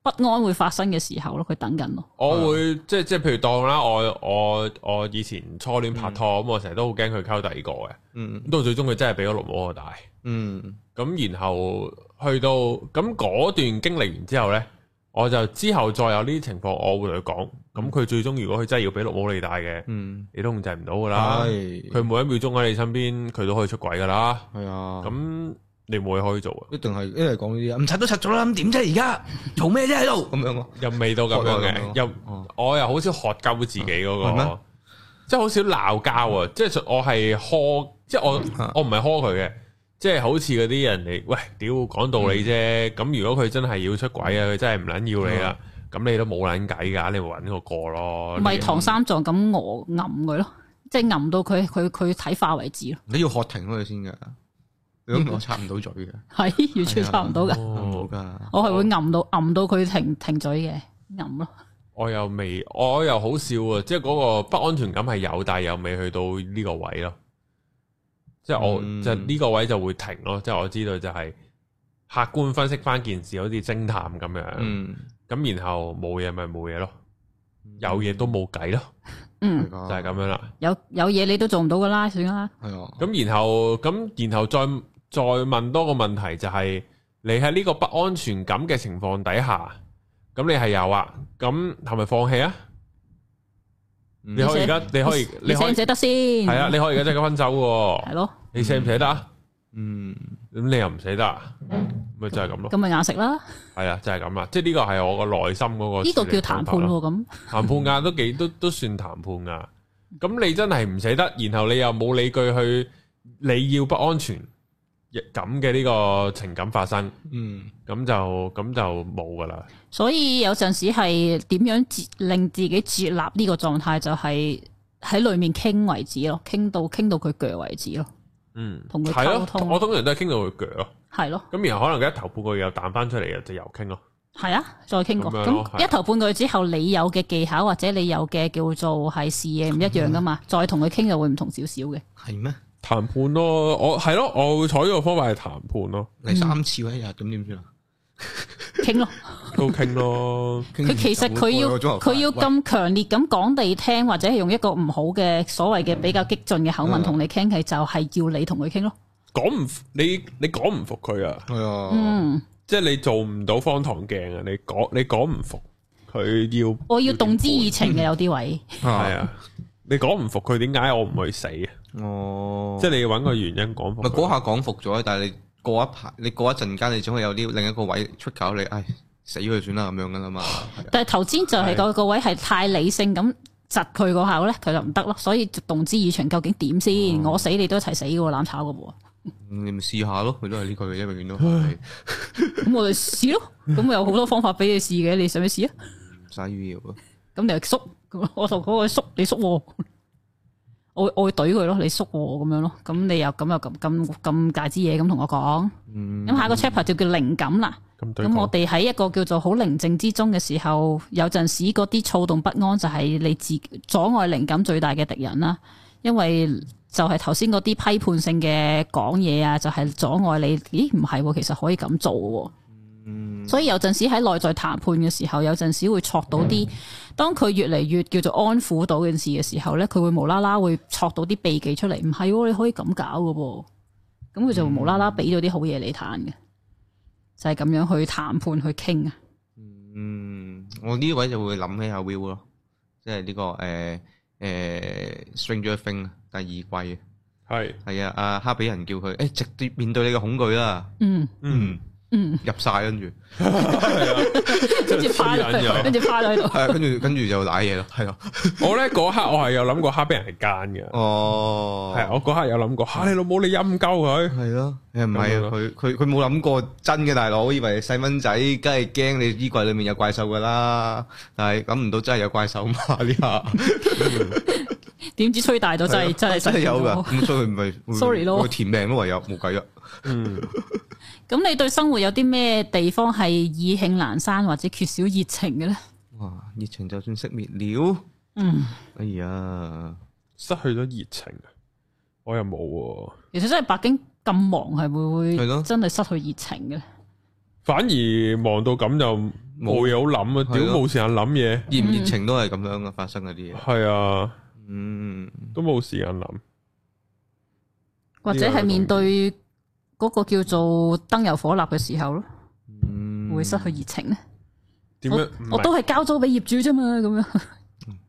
不安會發生嘅時候咯。佢等緊咯。我會、嗯、即係即係，譬如當啦，我我我以前初戀拍拖咁，嗯、我成日都好驚佢溝第二個嘅。嗯，咁到最終佢真係俾咗綠帽我戴。嗯、咁、嗯、然後。去到咁嗰段經歷完之後咧，我就之後再有呢啲情況，我會同佢講。咁佢最終如果佢真係要俾綠帽你戴嘅，嗯，你都控制唔到噶啦。係，佢每一秒鐘喺你身邊，佢都可以出軌噶啦。係是啊，咁你冇嘢可以做啊？一定係一定講呢啲唔拆都拆咗啦，點啫、啊？而家做咩啫喺度？咁樣、啊、又未到咁樣嘅，樣啊、又、哦、我又好少學鳩自己嗰、那個，即係好少鬧交啊！即係我係呵，即係我我唔係呵佢嘅。即係好似嗰啲人嚟，喂，屌，講道理啫。咁、嗯、如果佢真係要出軌啊，佢、嗯、真係唔捻要你啦，咁、嗯、你都冇捻計噶，你咪搵個過咯。唔係是是唐三藏咁，我吟佢咯，即係吟到佢佢佢體化為止咯。你要學停佢先噶，我插唔到嘴噶，係 完全插唔到噶，哎呀哦、我係會吟到暗到佢停停嘴嘅，吟咯。我又未，我又好笑啊！即係嗰個不安全感係有，大係又未去到呢個位咯。即係我，嗯、即係呢個位就會停咯。即係我知道，就係客觀分析翻件事，好似偵探咁樣。咁、嗯、然後冇嘢咪冇嘢咯，嗯、有嘢都冇計咯。嗯，就係咁樣啦。有有嘢你都做唔到噶啦，算啦。係咁、嗯、然後咁然後再再問多個問題，就係，就係你喺呢個不安全感嘅情況底下，咁你係有啊？咁係咪放棄啊？你可以而家你可以你捨唔捨得先係啊！你可以而家真係分手喎，係咯？你捨唔捨得啊？嗯，咁你又唔捨得，咪就係咁咯？咁咪硬食啦？係啊，就係咁啊。即係呢個係我個內心嗰個呢個叫談判喎。咁談判啊，都幾都都算談判噶。咁你真係唔捨得，然後你又冇理據去，你要不安全。咁嘅呢個情感發生，嗯，咁就咁就冇噶啦。所以有陣時係點樣自令自己接納呢個狀態，就係喺裏面傾為止咯，傾到傾到佢腳為止咯。嗯，同佢係咯，我通常都係傾到佢腳咯。係咯。咁然後可能一頭半個月又彈翻出嚟，就又傾咯。係啊，再傾過。咁一頭半個月之後，你有嘅技巧或者你有嘅叫做係視野唔一樣噶嘛？嗯、再同佢傾就會唔同少少嘅。係咩？談判咯，我係咯，我會採呢個方法係談判咯。嚟三次喎，一日咁點算啊？傾咯，都傾咯。佢其實佢要佢要咁強烈咁講地聽，或者係用一個唔好嘅所謂嘅比較激進嘅口吻同你傾偈，就係要你同佢傾咯。講唔你你講唔服佢啊？係啊，嗯，即係你做唔到方糖鏡啊！你講你講唔服佢要，我要動之以情嘅，有啲位係啊。你講唔服佢，點解我唔去死啊？哦，oh, 即係你要揾個原因講服。咪嗰下講服咗，但係你過一排，你過一陣間，你總會有啲另一個位出搞你，唉，哎，死佢算啦，咁樣噶啦嘛。但係頭先就係嗰個位係太理性咁窒佢嗰下咧，佢就唔得咯。所以就動之以情，究竟點先？Oh. 我死你都一齊死噶喎，攬炒噶喎，嗯。你咪試下咯，佢都係呢句嘅啫，永遠都係。咁 我哋試咯，咁有好多方法俾你試嘅，你使唔使試啊？唔使 U 嘅，咁你係縮 我同嗰個叔，你叔， 我我會懟佢咯，你叔咁樣咯，咁 你又咁又咁咁咁介支嘢咁同我講，咁、嗯嗯、下一個 chapter 就叫靈感啦。咁我哋喺一個叫做好寧靜之中嘅時候，有陣時嗰啲躁動不安就係你自己阻礙靈感最大嘅敵人啦。因為就係頭先嗰啲批判性嘅講嘢啊，就係、是、阻礙你。咦，唔係、啊、其實可以咁做嘅、啊。所以有陣時喺內在談判嘅時候，有陣時會挫到啲。嗯、當佢越嚟越叫做安撫到件事嘅時候咧，佢會無啦啦會挫到啲秘技出嚟。唔係、哦，你可以咁搞嘅噃。咁佢就會無啦啦俾咗啲好嘢你談嘅，嗯、就係咁樣去談判去傾嘅。嗯，我呢位就會諗起阿 Will 咯、這個，即、呃、係呢、呃、個誒誒 Stranger Things 第二季係係啊，阿哈比人叫佢誒、欸、直接面對你嘅恐懼啦、啊。嗯嗯。嗯嗯，入晒跟住，跟住趴咗，跟住趴咗喺度，係跟住跟住就打嘢咯，係咯。我咧嗰刻我係有諗過吓，俾人係奸嘅。哦，係我嗰刻有諗過吓，你老母你陰鳩佢，係咯，唔係佢佢佢冇諗過真嘅大佬，以為細蚊仔梗係驚你衣櫃裏面有怪獸噶啦，但係諗唔到真係有怪獸嘛呢下，點知吹大到真係真係真係有噶，咁所以咪 sorry 咯，會填命咯都唯有冇計啊。咁你對生活有啲咩地方係意興闌珊或者缺少熱情嘅咧？哇，熱情就算熄滅了，嗯，哎呀，失去咗熱情，我又冇，其實真係白兵咁忙，係會會係囉，真係失去熱情嘅。反而忙到咁就冇嘢好諗啊，屌冇時間諗嘢，熱唔熱情都係咁樣嘅發生嗰啲嘢。係啊，嗯，都冇時間諗，或者係面對。嗰個叫做燈油火蠟嘅時候咯，會失去熱情咧？點樣？我都係交租俾業主啫嘛，咁樣。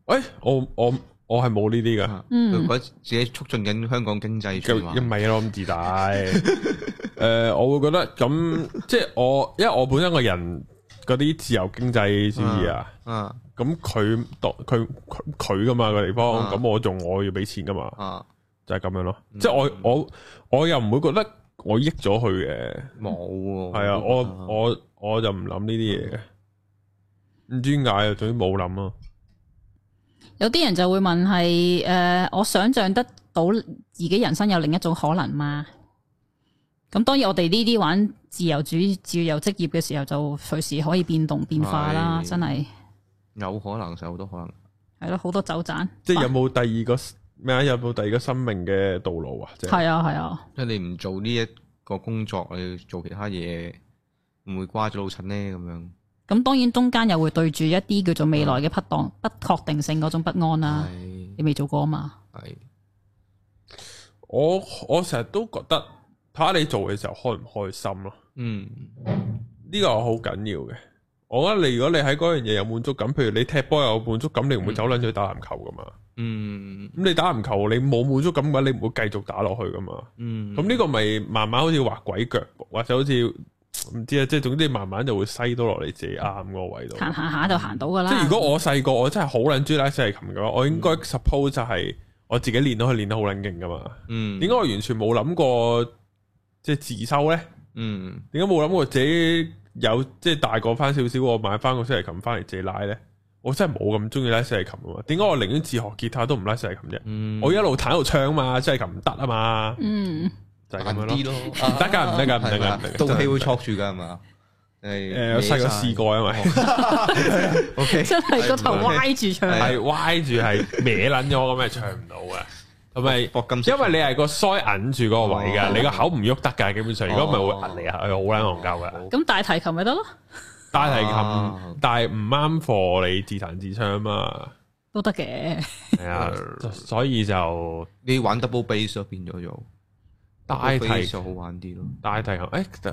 誒，我我我係冇呢啲噶，嗯，覺得自己促進緊香港經濟，咁唔係咯，咁自大。誒，我會覺得咁，即係我，因為我本身個人嗰啲自由經濟主義啊，嗯，咁佢當佢佢噶嘛個地方，咁我仲我要俾錢噶嘛，啊，就係咁樣咯。即係我我我又唔會覺得。我益咗佢嘅，冇係啊，啊！我我我就唔諗呢啲嘢嘅，唔知點解啊！總之冇諗啊。有啲人就會問係誒、呃，我想象得到自己人生有另一種可能嘛？咁當然，我哋呢啲玩自由主義、自由職業嘅時候，就隨時可以變動變化啦。真係有可能，就好多可能。係咯，好多走盞。即係有冇第二個？咩啊？有冇第二個生命嘅道路啊？係啊係啊，即係、啊、你唔做呢一個工作，你做其他嘢，唔會掛住老陳呢。咁樣。咁當然中間又會對住一啲叫做未來嘅匹當、嗯、不確定性嗰種不安啦、啊。是你未做過啊嘛？係是。我我成日都覺得睇下你做嘅時候開唔開心咯、啊。嗯，呢個好緊要嘅。我覺得你如果你喺嗰樣嘢有滿足感，譬如你踢波又有滿足感，你唔會走卵去打籃球噶嘛。嗯，咁你打籃球你冇滿足感嘅話，你唔會繼續打落去噶嘛。嗯，咁呢個咪慢慢好似畫鬼腳，或者好似唔知啊，即係總之慢慢就會篩到落你自己啱嗰個位度。行下下就行到噶啦。嗯嗯、即係如果我細個我真係好卵豬拉小提琴嘅話，我應該 suppose、嗯、就係我自己練到佢練得好卵勁噶嘛。嗯，點解我完全冇諗過即係自修咧？嗯，點解冇諗過自己？有即係、就是、大個翻少少，我買翻個西提琴翻嚟自己拉咧，我真係冇咁中意拉西提琴啊嘛！點解我寧願自學吉他都唔拉西提琴啫？我一路彈一路唱嘛，西提琴唔得啊嘛！嗯，就係咁樣咯，唔得㗎唔得㗎唔得㗎，動氣會錯住㗎係嘛？誒誒，我細個試過因為真係個頭歪住唱，係、 okay, okay, 歪住係歪撚咗咁係唱唔到嘅。係咪？因為你係個腮揞住嗰個位噶，你個口唔喐得噶，基本上如果唔係會壓你下，係好難戇鳩噶。咁大提琴咪得咯？大提琴，但係唔啱 for 你自彈自唱嘛，都得嘅。係啊，所以就你玩 double bass 變咗有大提，就好玩啲咯。大提琴誒，得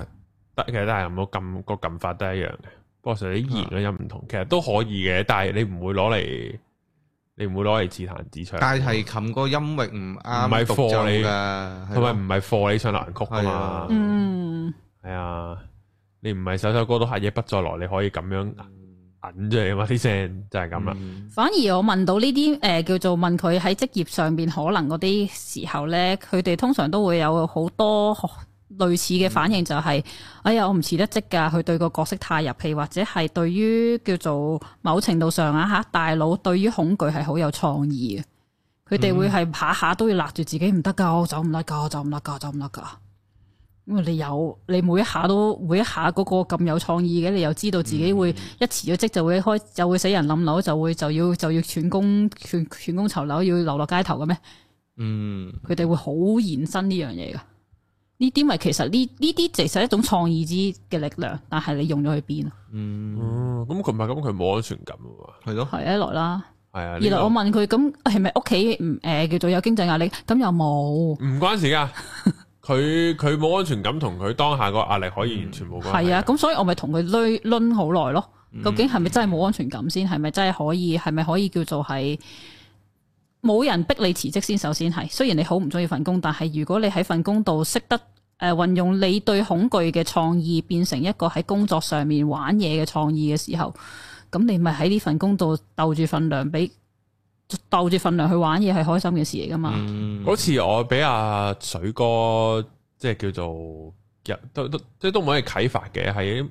嘅，但係都咁個撳法都一樣嘅，不過成啲弦嘅音唔同，其實都可以嘅，但係你唔會攞嚟。你唔會攞嚟自彈自唱。但係琴個音域唔啱，唔係貨嚟噶，係咪唔係貨你唱難曲啊嘛？啊嗯，係啊、哎，你唔係首首歌都下嘢，不再來，你可以咁樣引出嚟嘛，啲聲，嗯、就係咁啦。嗯、反而我問到呢啲誒，叫做問佢喺職業上邊可能嗰啲時候咧，佢哋通常都會有好多類似嘅反應就係、是：嗯、哎呀，我唔辭得職㗎，佢對個角色太入戲，或者係對於叫做某程度上啊嚇，大佬對於恐懼係好有創意嘅。佢哋會係下下都要勒住自己唔得㗎，我走唔甩㗎，我走唔甩㗎，我走唔甩㗎。因為你有你每一下都每一下嗰個咁有創意嘅，你又知道自己會一辭咗職就會開就會死人冧樓，就會就要就要斷工斷工籌樓，要流落街頭嘅咩？嗯，佢哋會好延伸呢樣嘢嘅。呢啲咪其實呢呢啲其實係一種創意之嘅力量，但係你用咗去邊？嗯，咁佢唔係咁，佢冇安全感啊嘛，係咯，係一來啦，係啊的。二來我問佢，咁係咪屋企誒叫做有經濟壓力？咁又冇，唔關事噶。佢佢冇安全感同佢 當下個壓力可以完全冇關係啊。咁、嗯、所以我咪同佢攆攆好耐咯。究竟係咪真係冇安全感先？係咪真係可以？係咪可以叫做係？冇人逼你辭職先，首先係。雖然你好唔中意份工，但係如果你喺份工度識得誒運用你對恐懼嘅創意，變成一個喺工作上面玩嘢嘅創意嘅時候，咁你咪喺呢份工度鬥住份量，俾鬥住份量去玩嘢，係開心嘅事嚟噶嘛？嗯、好似我俾阿、啊、水哥，即係叫做入都都，即係都唔可以啟發嘅，係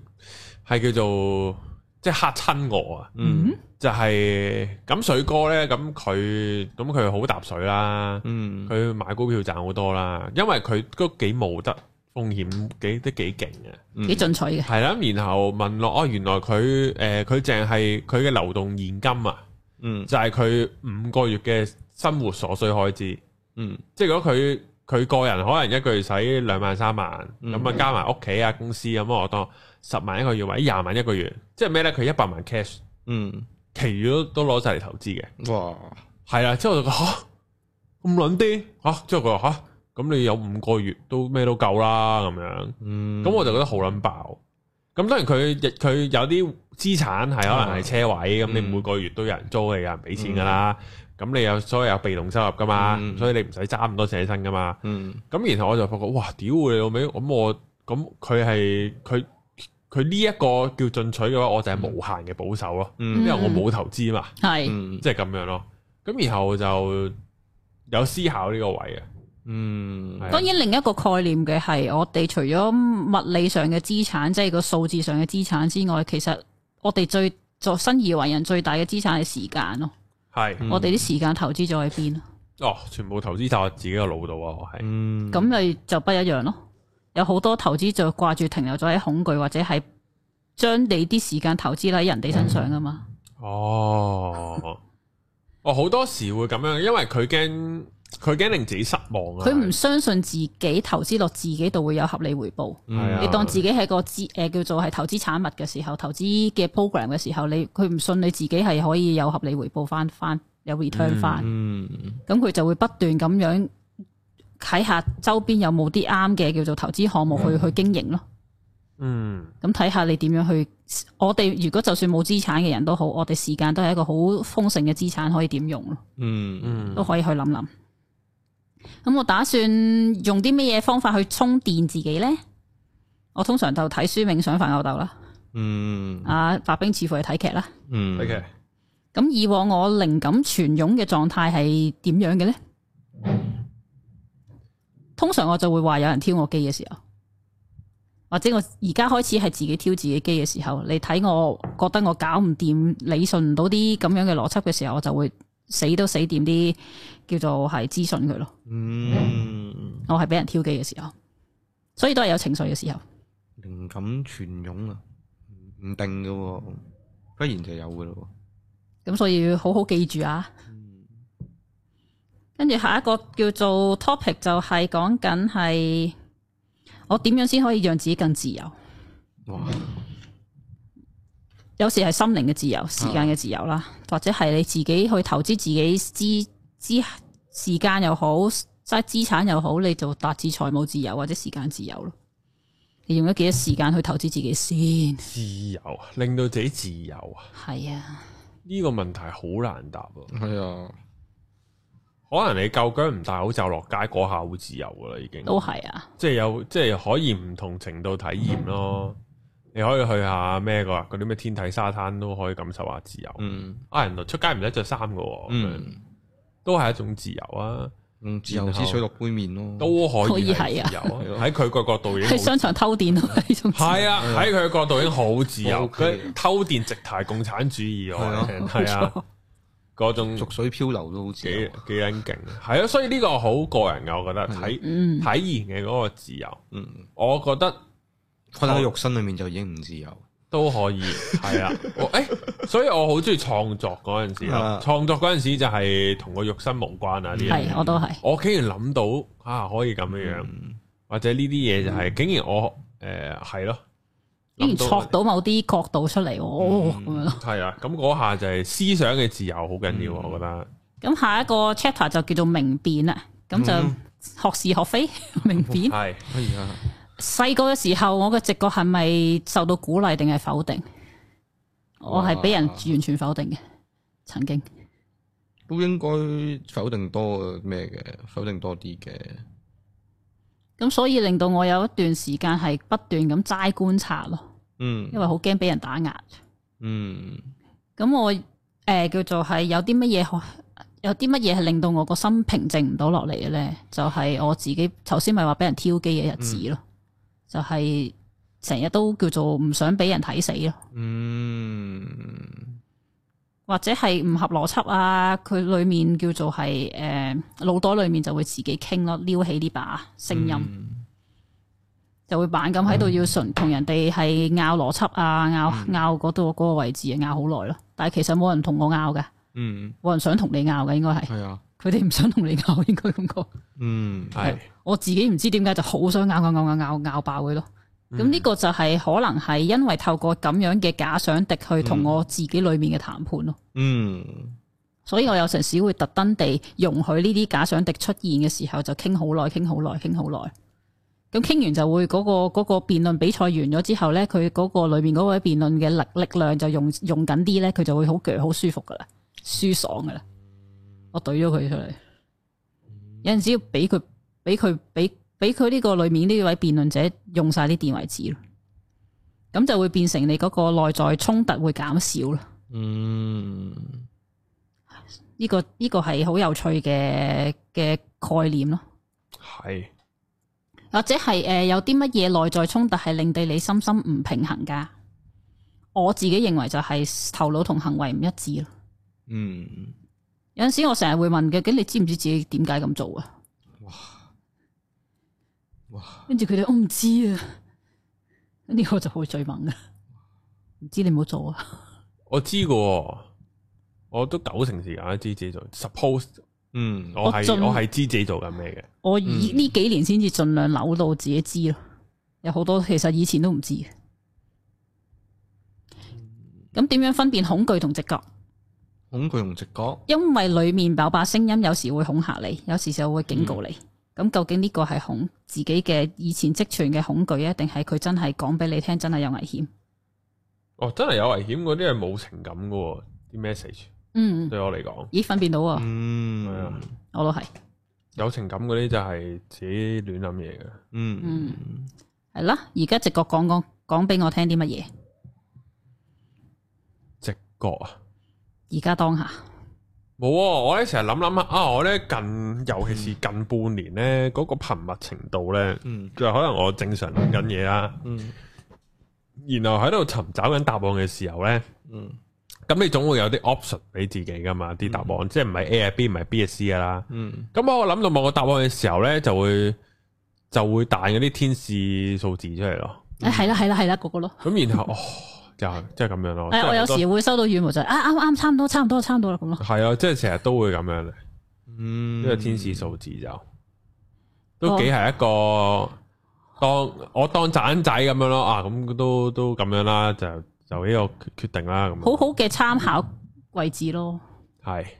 係叫做。即係嚇親我啊！嗯、就係、是、咁水哥咧，咁佢咁佢好搭水啦。佢、嗯、買股票賺好多啦，因為佢都幾冇得風險，幾都幾勁嘅，幾進、嗯、取嘅。係啦，然後問落哦，原來佢誒，佢淨係佢嘅流動現金啊，嗯、就係佢五個月嘅生活所需開支。嗯，即係如果佢佢個人可能一個月使兩萬三萬，咁啊、嗯嗯、加埋屋企啊公司咁我當。十萬一個月或者廿萬一個月，即係咩咧？佢一百萬 cash，嗯，其餘都都攞晒嚟投資嘅。哇，係啦，之後就講吓咁卵啲！」吓，之後佢話吓咁你有五個月都咩都夠啦咁樣，咁我就覺得好卵爆。咁當然佢佢有啲資產係可能係車位，咁你每個月都有人租，你有人俾錢噶啦。咁你有所謂有被動收入噶嘛，所以你唔使揸咁多現金噶嘛。咁然後我就發覺哇，屌你老味，咁我咁佢係佢。佢呢一個叫進取嘅話，我就係無限嘅保守咯，嗯、因為我冇投資嘛，係是，即係咁樣咯。咁然後就有思考呢個位嘅。嗯，的當然另一個概念嘅係我哋除咗物理上嘅資產，即係個數字上嘅資產之外，其實我哋最作生而為人最大嘅資產係時間咯。係是，我哋啲時間投資咗喺邊？哦，全部投資晒入自己個腦度啊，我係。嗯，咁咪就不一樣咯。有好多投資就掛住停留咗喺恐懼，或者係將你啲時間投資喺人哋身上噶嘛、嗯？哦，我好、 哦、多時會咁樣，因為佢驚佢驚令自己失望啊！佢唔相信自己投資落自己度會有合理回報。嗯、你當自己係個資誒、呃、叫做係投資產物嘅時候，投資嘅 program 嘅時候，你佢唔信你自己係可以有合理回報翻翻有 return 翻、嗯。嗯，咁佢就會不斷咁樣。睇下周邊有冇啲啱嘅叫做投資項目去去經營咯。嗯。嗯，咁睇下你點樣去。我哋如果就算冇資產嘅人都好，我哋時間都係一個好豐盛嘅資產，可以點用咯。嗯嗯，嗯都可以去諗諗。咁我打算用啲咩嘢方法去充電自己呢？我通常就睇書、冥想、發吽哣啦。嗯。啊，白兵似乎係睇劇啦。嗯，睇劇。咁以往我靈感泉湧嘅狀態係點樣嘅呢？通常我就會話有人挑我機嘅時候，或者我而家開始係自己挑自己機嘅時候，你睇我覺得我搞唔掂理順唔到啲咁樣嘅邏輯嘅時候，我就會死都死掂啲叫做係資訊佢咯。嗯，嗯，我係俾人挑機嘅時候，所以都係有情緒嘅時候，靈感泉湧啊，唔定噶、喎，不然就有噶咯、喎。咁所以要好好記住啊。跟住下一個叫做 topic 就係講緊係我點樣先可以讓自己更自由。哇！有時係心靈嘅自由，時間嘅自由啦，啊、或者係你自己去投資自己資資時間又好，即資產又好，你就達至財務自由或者時間自由咯。你用咗幾多時間去投資自己先？自由，令到自己自由啊！係啊！呢個問題好難答啊！係啊！可能你夠薑唔戴口罩落街嗰下好自由噶啦，已經都係啊，即係有即係可以唔同程度體驗咯。你可以去下咩噶嗰啲咩天體沙灘都可以感受下自由。嗯，啊人出街唔使着衫噶，嗯，都係一種自由啊。自由之水落杯麵咯，都可以係啊。喺佢個角度已經喺商場偷電呢種係啊，喺佢個角度已經好自由。佢偷電直頭共產主義喎，係啊。嗰種逐水漂流都好似幾幾捻勁，係咯，所以呢個好個人嘅。我覺得體體驗嘅嗰個自由，我覺得困喺肉身裏面就已經唔自由，都可以係啊，誒，所以我好中意創作嗰陣時，創作嗰陣時就係同個肉身無關啊，啲嘢，我都係，我竟然諗到啊，可以咁樣樣，或者呢啲嘢就係，竟然我誒係咯。竟然戳到某啲角度出嚟，哦咁、嗯、樣。係啊，咁嗰下就係思想嘅自由好緊要，嗯、我覺得。咁下一個 chapter 就叫做明辨啦，咁就學是學非，嗯、明辨。係、嗯。細個嘅時候，我嘅直覺係咪受到鼓勵定係否定？我係俾人完全否定嘅，啊、曾經。都應該否定多咩嘅？否定多啲嘅。咁所以令到我有一段時間係不斷咁齋觀察咯。嗯，因為好驚俾人打壓。嗯，咁我誒、呃、叫做係有啲乜嘢，有啲乜嘢係令到我個心平靜唔到落嚟嘅咧，就係、係、我自己頭先咪話俾人挑機嘅日子咯，嗯、就係成日都叫做唔想俾人睇死咯。嗯，或者係唔合邏輯啊，佢裏面叫做係誒，腦、呃、袋裏面就會自己傾咯，撩起呢把聲音。嗯就會扮咁喺度要順同人哋係拗邏輯啊，拗拗嗰度嗰個位置啊，拗好耐咯，但係其實冇人同我拗㗎，嗯，冇人，嗯、想同你拗㗎應該係，係啊、嗯，佢哋唔想同你拗應該咁講，嗯，係，我自己唔知點解就好想拗拗拗拗拗拗，爆佢咯，咁呢個就係可能係因為透過咁樣嘅假想敵去同我自己裏面嘅談判咯，嗯，嗯，所以我有陣時會特登地容許呢啲假想敵出現嘅時候就傾好耐傾好耐傾好耐。咁傾完就會嗰個嗰個辯論比賽完咗之後咧，佢嗰個裏面嗰位辯論嘅力力量就用用緊啲咧，佢就會好鋸好舒服㗎喇，舒爽㗎喇，我懟咗佢出嚟。有陣時要俾佢俾佢俾俾佢呢個裏面呢位辯論者用晒啲電為止，咁就會變成你嗰個內在衝突會減少咯。嗯，呢個呢個係好有趣嘅嘅概念咯。係。或者係誒、呃、有啲乜嘢內在衝突係令到你心心唔平衡噶？我自己認為就係頭腦同行為唔一致咯。嗯，有陣時我成日會問嘅，咁你知唔知自己點解咁做啊？哇哇！跟住佢哋，我唔知啊，呢個就好最猛啊，唔知你冇做啊？我知嘅、哦，我都九成時間都知自己做，suppose。Supp 嗯，我係我係盡知自己做緊咩嘅。我以呢幾年先至盡量扭到自己知咯，嗯、有好多其實以前都唔知。咁點樣分辨恐懼同直覺？恐懼同直覺，因為裏面有把聲音，有時會恐嚇你，有時就會警告你。咁、嗯、究竟呢個係恐自己嘅以前積存嘅恐懼啊，定係佢真係講俾你聽真係有危險？哦，真係有危險，嗰啲係冇情感嘅，啲 message。嗯，對我嚟講，咦，分辨到啊，嗯，係啊，我都係有情感嗰啲就係自己亂諗嘢嘅，嗯，係啦，而家直覺講講講俾我聽啲乜嘢？直覺啊，而家當下冇，我咧成日諗諗下啊，我咧近尤其是近半年咧嗰個頻密程度咧，就可能我正常諗緊嘢啦，嗯，然後喺度尋找緊答案嘅時候咧，嗯。咁你總會有啲 option 俾自己噶嘛？啲答案即係唔係 A 啊 B 唔係 B 啊 C 噶啦。嗯。咁我諗到某個答案嘅時候咧，就會就會彈嗰啲天使數字出嚟咯。誒，係啦係啦係啦，嗰個咯。咁然後哦，就即係咁樣咯。我有時會收到羽毛就啊，啱啱差唔多，差唔多，差唔多啦咁咯。係啊，即係成日都會咁樣咧。嗯，呢個天使數字就都幾係一個當我當掙仔咁樣咯啊！咁都都咁樣啦就。就呢個決定啦，咁好好嘅參考位置咯。係是，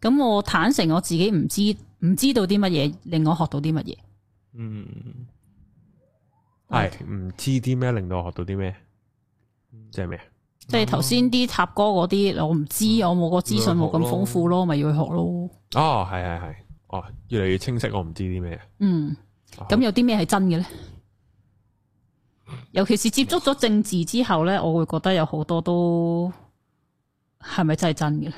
咁我坦誠我自己唔知唔知道啲乜嘢，令我學到啲乜嘢？嗯，係唔是是知啲咩令到我學到啲咩？即係咩？即係頭先啲塔哥嗰啲，我唔知，嗯、我冇個資訊冇咁豐富咯，咪要去學咯。咯學咯哦，係係係，哦，越嚟越清晰，我唔知啲咩。嗯，咁有啲咩係真嘅咧？尤其是接觸咗政治之後咧，我會覺得有好多都係咪真係真嘅？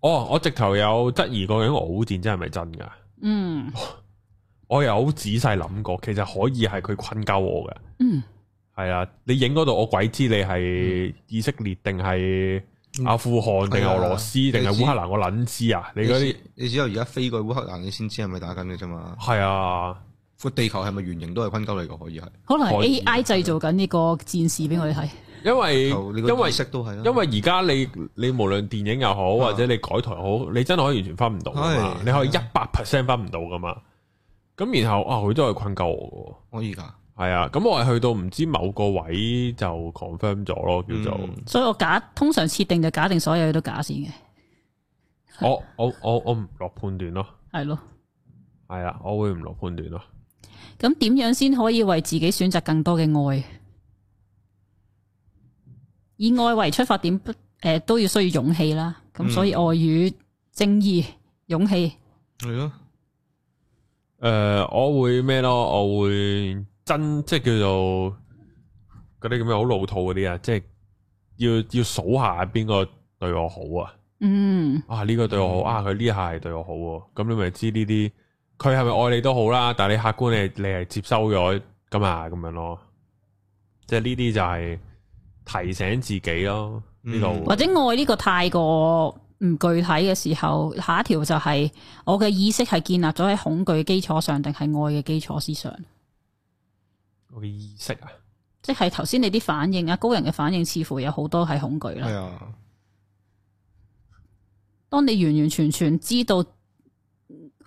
哦，我直頭有質疑過，因為俄烏戰真係咪真噶？嗯，我有仔細諗過，其實可以係佢困鳩我嘅。嗯，係啊，你影嗰度，我鬼知你係以色列定係阿富汗定係、嗯、俄羅斯定係烏克蘭？我捻知啊！你嗰啲，你只有而家飛過烏克蘭，你先知係咪打緊戰爭嘛？係啊。個地球係咪圓形都係困鳩嚟，個可以係？可能 A I 製造緊呢個戰士俾我哋睇。因為因為識到係因為而家你你無論電影又好，啊、或者你改台好，你真係可以完全分唔到噶嘛？你可以一百 percent 分唔到噶嘛？咁然後啊，佢都係困鳩我噶，可以噶？係啊，咁我係去到唔知某個位就 confirm 咗咯，嗯、叫做。所以我假通常設定就假定所有嘢都假先嘅。我我我我唔落判斷咯。係咯，係啊，我會唔落判斷咯。咁點樣先可以為自己選擇更多嘅愛？以愛為出發點，誒、呃、都要需要勇氣啦。咁、嗯、所以愛與正義、勇氣係咯。誒、嗯呃，我會咩咯？我會真即係叫做嗰啲咁樣好老套嗰啲、嗯、啊！即係要要數下邊個對我好啊。嗯。啊呢個對我好啊，佢呢下係對我好。咁你咪知呢啲。佢係咪愛你都好啦？但係你客觀你，你你係接收咗咁啊，咁樣咯，即係呢啲就係提醒自己咯，呢個、嗯、或者愛呢個太過唔具體嘅時候，下一條就係我嘅意識係建立咗喺恐懼嘅基礎上，定係愛嘅基礎之上？我嘅意識啊，即係頭先你啲反應啊，高人嘅反應似乎有好多係恐懼啦。係啊、哎呀，當你完完全全知道。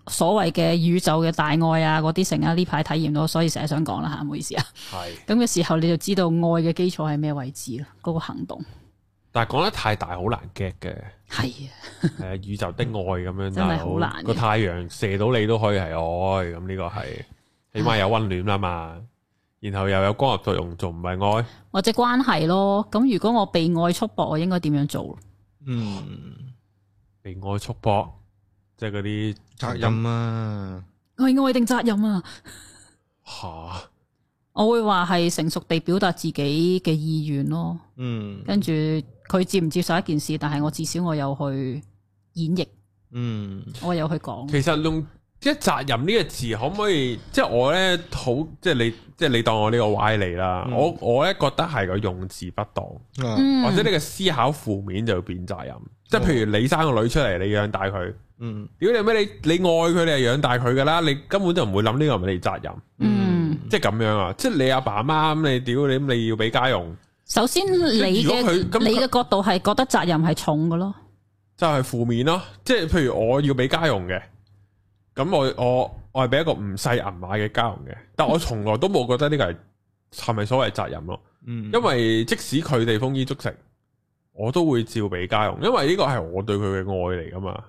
所謂嘅宇宙嘅大愛啊，嗰啲成啊呢排體驗到，所以成日想講啦吓，唔好意思啊。係咁嘅時候，你就知道愛嘅基礎係咩位置咯，嗰個行動。但係講得太大，好難 get 嘅。係是啊，係啊，宇宙的愛咁樣，真係好難，個太陽射到你都可以係愛，咁呢個係起碼有溫暖啦嘛。是然後又有光合作用，仲唔係愛？或者關係咯。咁如果我被愛束縛，我應該點樣做？嗯，被愛束縛。即係嗰啲責任啊，愛愛定責任啊，吓 ，我會話係成熟地表達自己嘅意願咯，嗯，跟住佢接唔接受一件事，但係我至少我有去演繹，嗯，我有去講，其實即係責任呢個字可唔可以？即係我咧好，即係你，即係你當我呢個歪理啦。我我咧覺得係個用詞不當，嗯、或者你嘅思考負面就會變責任。嗯、即係譬如你生個女出嚟，你養大佢。嗯，屌你咩你你愛佢，你係養大佢噶啦。你根本就唔會諗呢個係咪你責任？嗯，即係咁樣啊！即係你阿爸阿媽咁，你屌你你要俾家用。首先，如你如的他你嘅角度係覺得責任係重嘅咯，就係負面咯。即係譬如我要俾家用嘅。咁我我我係俾一個唔細銀碼嘅家用嘅，但我從來都冇覺得呢個係係咪所謂責任咯。嗯，因為即使佢哋豐衣足食，我都會照俾家用，因為呢個係我對佢嘅愛嚟噶嘛。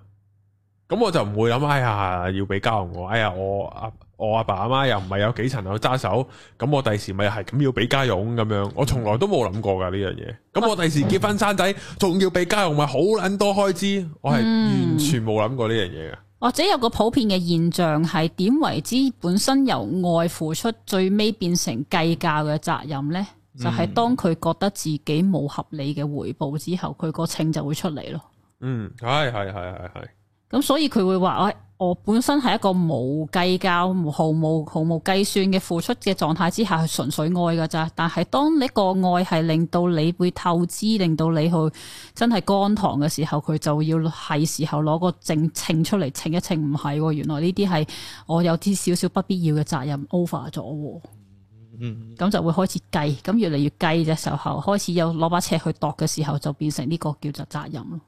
咁我就唔會諗，哎呀要俾家用，哎呀我阿我阿爸阿媽又唔係有幾層樓揸手，咁我第時咪係咁要俾家用咁樣。我從來都冇諗過噶呢樣嘢。咁我第時結婚生仔，仲要俾家用，咪好捻多開支。我係完全冇諗過呢樣嘢嘅。或者有個普遍嘅現象係，點為之本身由愛付出最尾變成計較嘅責任呢？嗯、就係當佢覺得自己冇合理嘅回報之後，佢個秤就會出嚟咯。嗯，係係係係係。咁所以佢會話，我我本身係一個冇計較、毫無、毫無計算嘅付出嘅狀態之下，係純粹愛噶咋。但係當呢個愛係令到你會透支，令到你去真係乾糖嘅時候，佢就要係時候攞個證稱出嚟稱一稱，唔係，原來呢啲係我有啲少少不必要嘅責任 over 咗。嗯，咁就會開始計，咁越嚟越計嘅時候，開始有攞把尺去度嘅時候，就變成呢個叫做責任咯。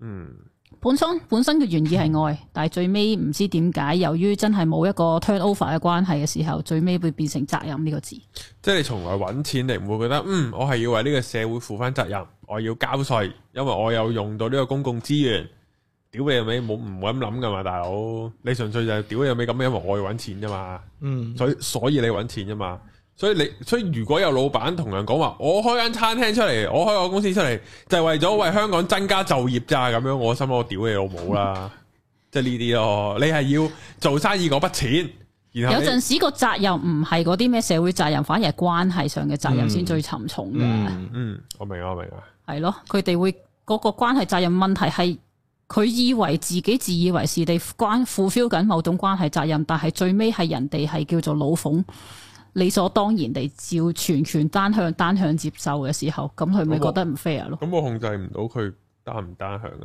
嗯。本身本身嘅原意係愛，但係最尾唔知點解，由於真係冇一個 turnover 嘅關係嘅時候，最尾會變成責任呢個字。即係你從來搵錢你唔會覺得嗯，我係要為呢個社會負翻責任，我要交稅，因為我有用到呢個公共資源。屌你有咩冇唔會咁諗噶嘛，大佬，你純粹就屌你有咩咁，因為我要搵錢啫嘛。嗯所。所以所以你搵錢啫嘛。所以你所以，如果有老闆同人講話，我開間餐廳出嚟，我開個公司出嚟，就係、是、為咗為香港增加就業咋咁樣？我心諗我屌你老母啦， 即係呢啲咯。你係要做生意嗰筆錢，然後有陣時個責任唔係嗰啲咩社會責任，反而係關係上嘅責任先最沉重嘅、嗯嗯。嗯，我明我明啊，係咯，佢哋會嗰、那個關係責任問題係佢以為自己自以為是地關負 f e 緊某種關係責任，但係最尾係人哋係叫做老奉。理所當然地照全權單向單向接受嘅時候，咁佢咪覺得唔 fair 咯？咁我，我控制唔到佢單唔單向啊？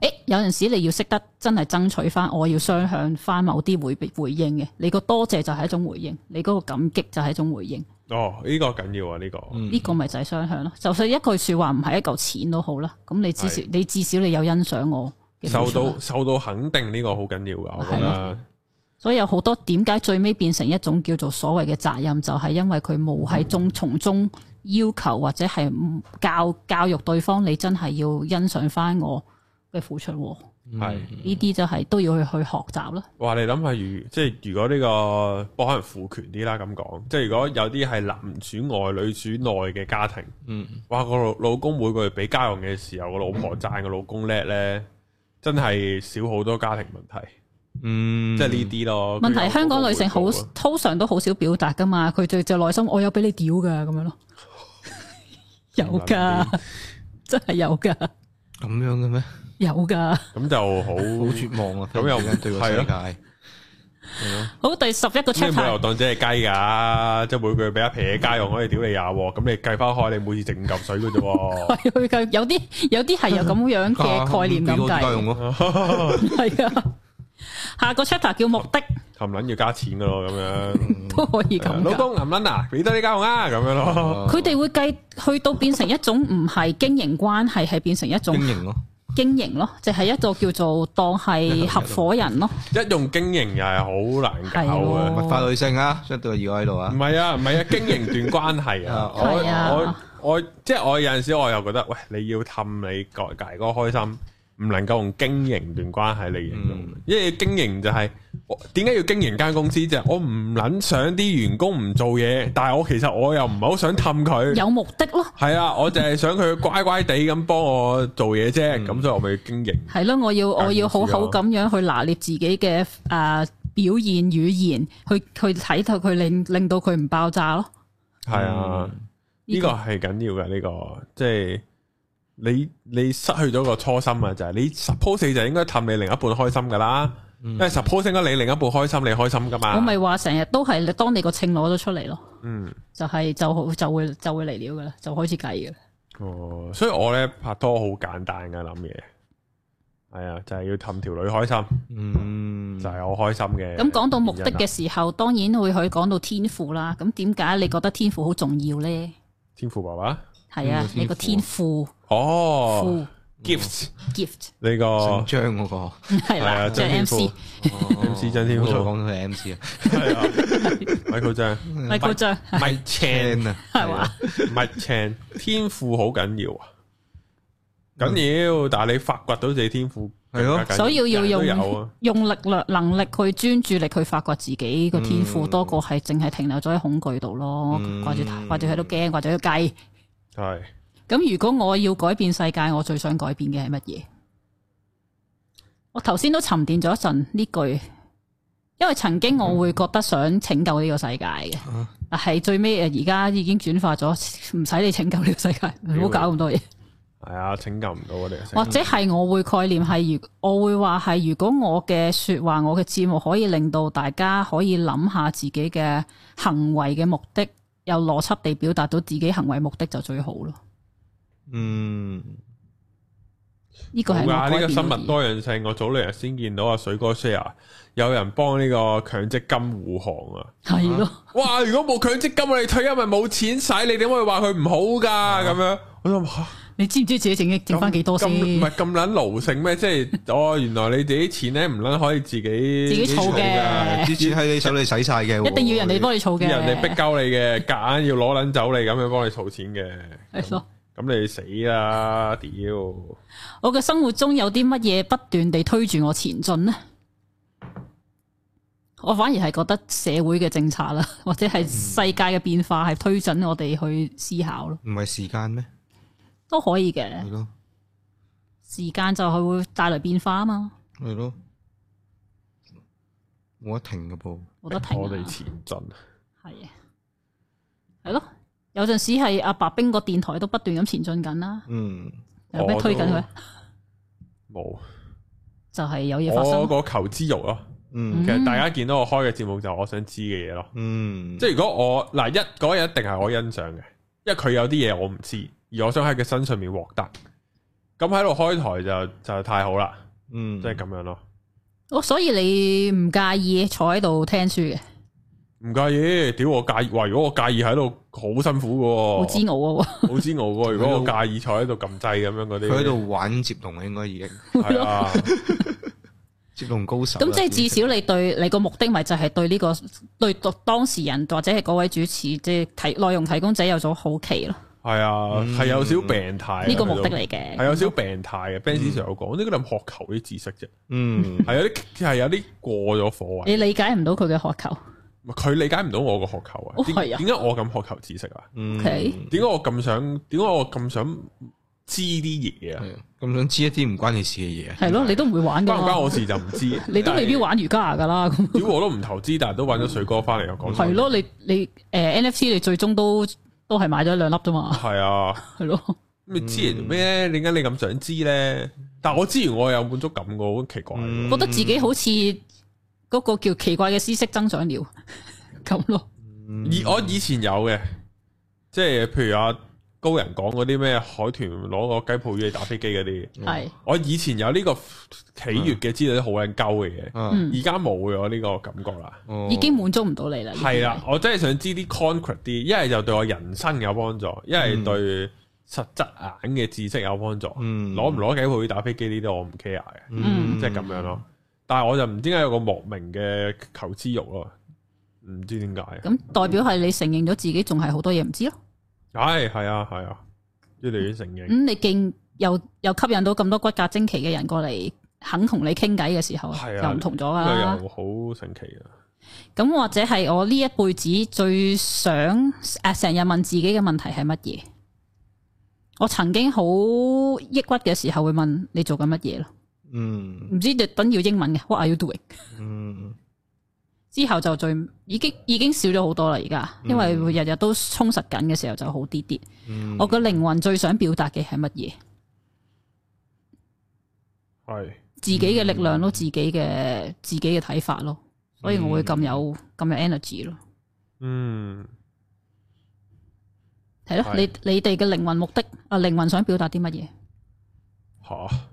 誒、欸，有陣時你要識得真係爭取翻，我要雙向翻某啲回回應嘅。你個多謝就係一種回應，你嗰個感激就係一種回應。哦，呢、呢個緊要啊！呢、呢個呢、嗯、個咪就係雙向咯。就算一句説話唔係一嚿錢都好啦，咁你至少是你至少你有欣賞我，受到受到肯定，呢個好緊要噶，我覺得。所以有好多點解最尾變成一種叫做所謂嘅責任，就係、是、因為佢冇喺中從中要求或者係教教育對方，你真係要欣賞翻我嘅付出。係呢啲就係、是、都要去去學習咯。嗯嗯、哇！你諗下如即係如果呢、這個我可能父權啲啦咁講，即係如果有啲係男主外女主內嘅家庭，嗯，哇個老公每個月俾家用嘅時候，個老婆贊個老公叻咧，真係少好多家庭問題。嗯，即係呢啲咯。問題香港女性好通常都好少表達噶嘛，佢就就內心我有俾你屌噶咁樣咯，有噶，真係有噶。咁樣嘅咩？有噶。咁就好好絕望啊！咁又對個世界。好，第十一個出題。啲冇油檔真係雞噶，即係每句俾一撇家用可以屌你下，咁你計翻開你每次淨嚿水噶啫。喂，有啲有啲係有咁樣嘅概念咁計，係啊。下個 chapter 叫目的，含撚要加錢噶咯，咁樣都可以咁。老公含撚啊，俾多啲交往啊，咁樣咯。佢哋會計去到變成一種唔係經營關係，係變成一種經營咯，經營咯，就係一個叫做當係合伙人咯。一用經營又係好難搞嘅。快女性啊，出到個喺度啊，唔係啊，唔係啊，經營段關係啊，係啊，我我我即係我有陣時我又覺得，喂，你要氹你個大哥開心。唔能夠用經營段關係嚟形容，因為經營就係我點解要經營間公司？就我唔捻想啲員工唔做嘢，但係我其實我又唔係好想氹佢，有目的咯。係啊，我就係想佢乖乖地咁幫我做嘢啫，咁所以我咪經營。係咯，我要我要好好咁樣去拿捏自己嘅誒表現語言，去去睇到佢令令到佢唔爆炸咯。係啊，呢個係緊要嘅呢個，即係。你你失去咗個初心啊！就係你 suppose 就應該氹你另一半開心噶啦，嗯、因為 suppose 應該你另一半開心，你開心噶嘛。我咪話成日都係你當你個稱攞咗出嚟咯，嗯，就係就好就會就會嚟料噶啦，就開始計噶。哦，所以我咧拍拖好簡單噶諗嘢，係、哎、啊，就係、是、要氹條女開心，嗯，就係好開心嘅。咁講、嗯、到目的嘅時候，當然會去講到天賦啦。咁點解你覺得天賦好重要咧？天賦爸爸係的啊，你個天賦。哦，Gift Gift 呢個張嗰個係啦，張 M C，M C 真天賦，講到係 M C 啊，Mike 張，Mike 張，Mike Chan 啊，係嘛，Mike Chan 天賦好緊要啊，緊要，但係你發掘到自己天賦係咯，所以要用用力量、能力去專注力去發掘自己個天賦，多過係淨係停留咗喺恐懼度咯，掛住掛住喺度驚，掛住喺度計，係。咁如果我要改變世界，我最想改變嘅係乜嘢？我頭先都沉澱咗一陣呢句，因為曾經我會覺得想拯救呢個世界嘅，但係最尾而家已經轉化咗，唔使你拯救呢個世界，唔好、嗯、搞咁多嘢。係啊、哎，拯救唔到我哋。或者係我會概念係，如我會話係，如果我嘅說話，我嘅節目可以令到大家可以諗下自己嘅行為嘅目的，有邏輯地表達到自己行為目的就最好咯。嗯，呢個係我呢個新聞多樣性。我早兩日先見到阿水哥 share 有人幫呢個強積金護航啊，係咯是的、啊。哇，如果冇強積金，你哋退休咪冇錢使，你點可以話佢唔好噶？咁的樣，我、啊、你知唔知自己整益整翻幾多唔係咁卵勞性咩？即係哦，原來你哋啲錢咧唔卵可以自己 自己儲嘅，啲錢喺你手你使晒嘅，一定要人哋幫你儲嘅，你人哋逼鳩你嘅，夾硬要攞卵走你咁樣幫你儲錢嘅， 咁你死啦！屌！我嘅生活中有啲乜嘢不斷地推住我前進呢？我反而係覺得社會嘅政策啦，或者係世界嘅變化係推進我哋去思考咯。唔係時間咩？都可以嘅。係咯的，時間就係會帶來變化啊嘛。係咯，冇得停㗎噃，我哋前進。係啊，係咯。有陣時係阿白兵個電台都不斷咁前進緊啦，嗯，有咩推緊佢？冇，就係有嘢發生我個求知欲咯。嗯，其實大家見到我開嘅節目就我想知嘅嘢咯。嗯，即係如果我嗱一嗰人一定係我欣賞嘅，因為佢有啲嘢我唔知，而我想喺佢身上面獲得。咁喺度開台就就太好啦。嗯，即係咁樣咯。我、哦、所以你唔介意坐喺度聽書嘅？唔介意，屌我介意。話如果我介意喺度好辛苦㗎，好煎熬啊，好煎熬。如果我介意坐喺度撳掣咁樣嗰啲，佢喺度玩接龍啊，應該已經係咯，接龍高手。咁即係至少你對你個目的咪就係對呢個對當事人或者係嗰位主持即係提內容提供者有所好奇咯。係啊，係有少病態，呢個目的嚟嘅，係有少病態嘅。Ben Sir 有講，呢個諗學求啲知識啫。嗯，係有啲係有啲過咗火啊，你理解唔到佢嘅渴求。佢理解唔到我個渴求啊？點解我咁渴求知識啊？OK，點解我咁想？點解我咁想知啲嘢啊？咁想知一啲唔關你事嘅嘢？係咯，你都唔會玩噶，關唔關我事就唔知。你都未必玩瑜伽噶啦。如果我都唔投資，但係都揾咗水哥翻嚟又講。係咯，你你誒 NFT 你最終都都係買咗一兩粒啫嘛。係啊，係咯。你之前咩咧？點解你咁想知咧？但係我之前我有滿足感，我好奇怪，覺得自己好似。嗰個叫奇怪嘅知識增長了，咁咯。嗯、以我以前有嘅，即係譬如阿高人講嗰啲咩海豚攞個雞泡魚打飛機嗰啲，係是我以前有呢個喜悅嘅資料，好撚鳩嘅嘢，而家冇咗呢個感覺啦。已經滿足唔到你啦。係啦、哦，我真係想知啲 concrete 啲，一係就對我人生有幫助，一係對實質眼嘅知識有幫助。攞唔攞雞泡魚打飛機呢啲我唔 care 嘅，嗯、即係咁樣咯。但係我就唔知解有個莫名嘅求知欲咯，唔知點解。咁代表係你承認咗自己仲係好多嘢唔知咯。係係啊係啊，越嚟越承認。咁、嗯、你見又又吸引到咁多骨骼精奇嘅人過嚟，肯同你傾偈嘅時候，又唔同咗啊。又好神奇啊！咁或者係我呢一輩子最想誒，成、啊、日問自己嘅問題係乜嘢？我曾經好抑鬱嘅時候，會問你做緊乜嘢咯。嗯，唔知等要英文嘅，What are you doing？嗯，之後就最已經已經少咗好多啦，而家，嗯，因為日日都充實緊嘅時候就好啲啲。嗯，我個靈魂最想表達嘅係乜嘢？係是自己嘅力量咯，嗯，自己嘅自己嘅睇法咯，所以我會咁有咁，嗯，有 energy 咯。嗯，係咯吧是，你你哋嘅靈魂目的啊，靈魂想表達啲乜嘢？吓？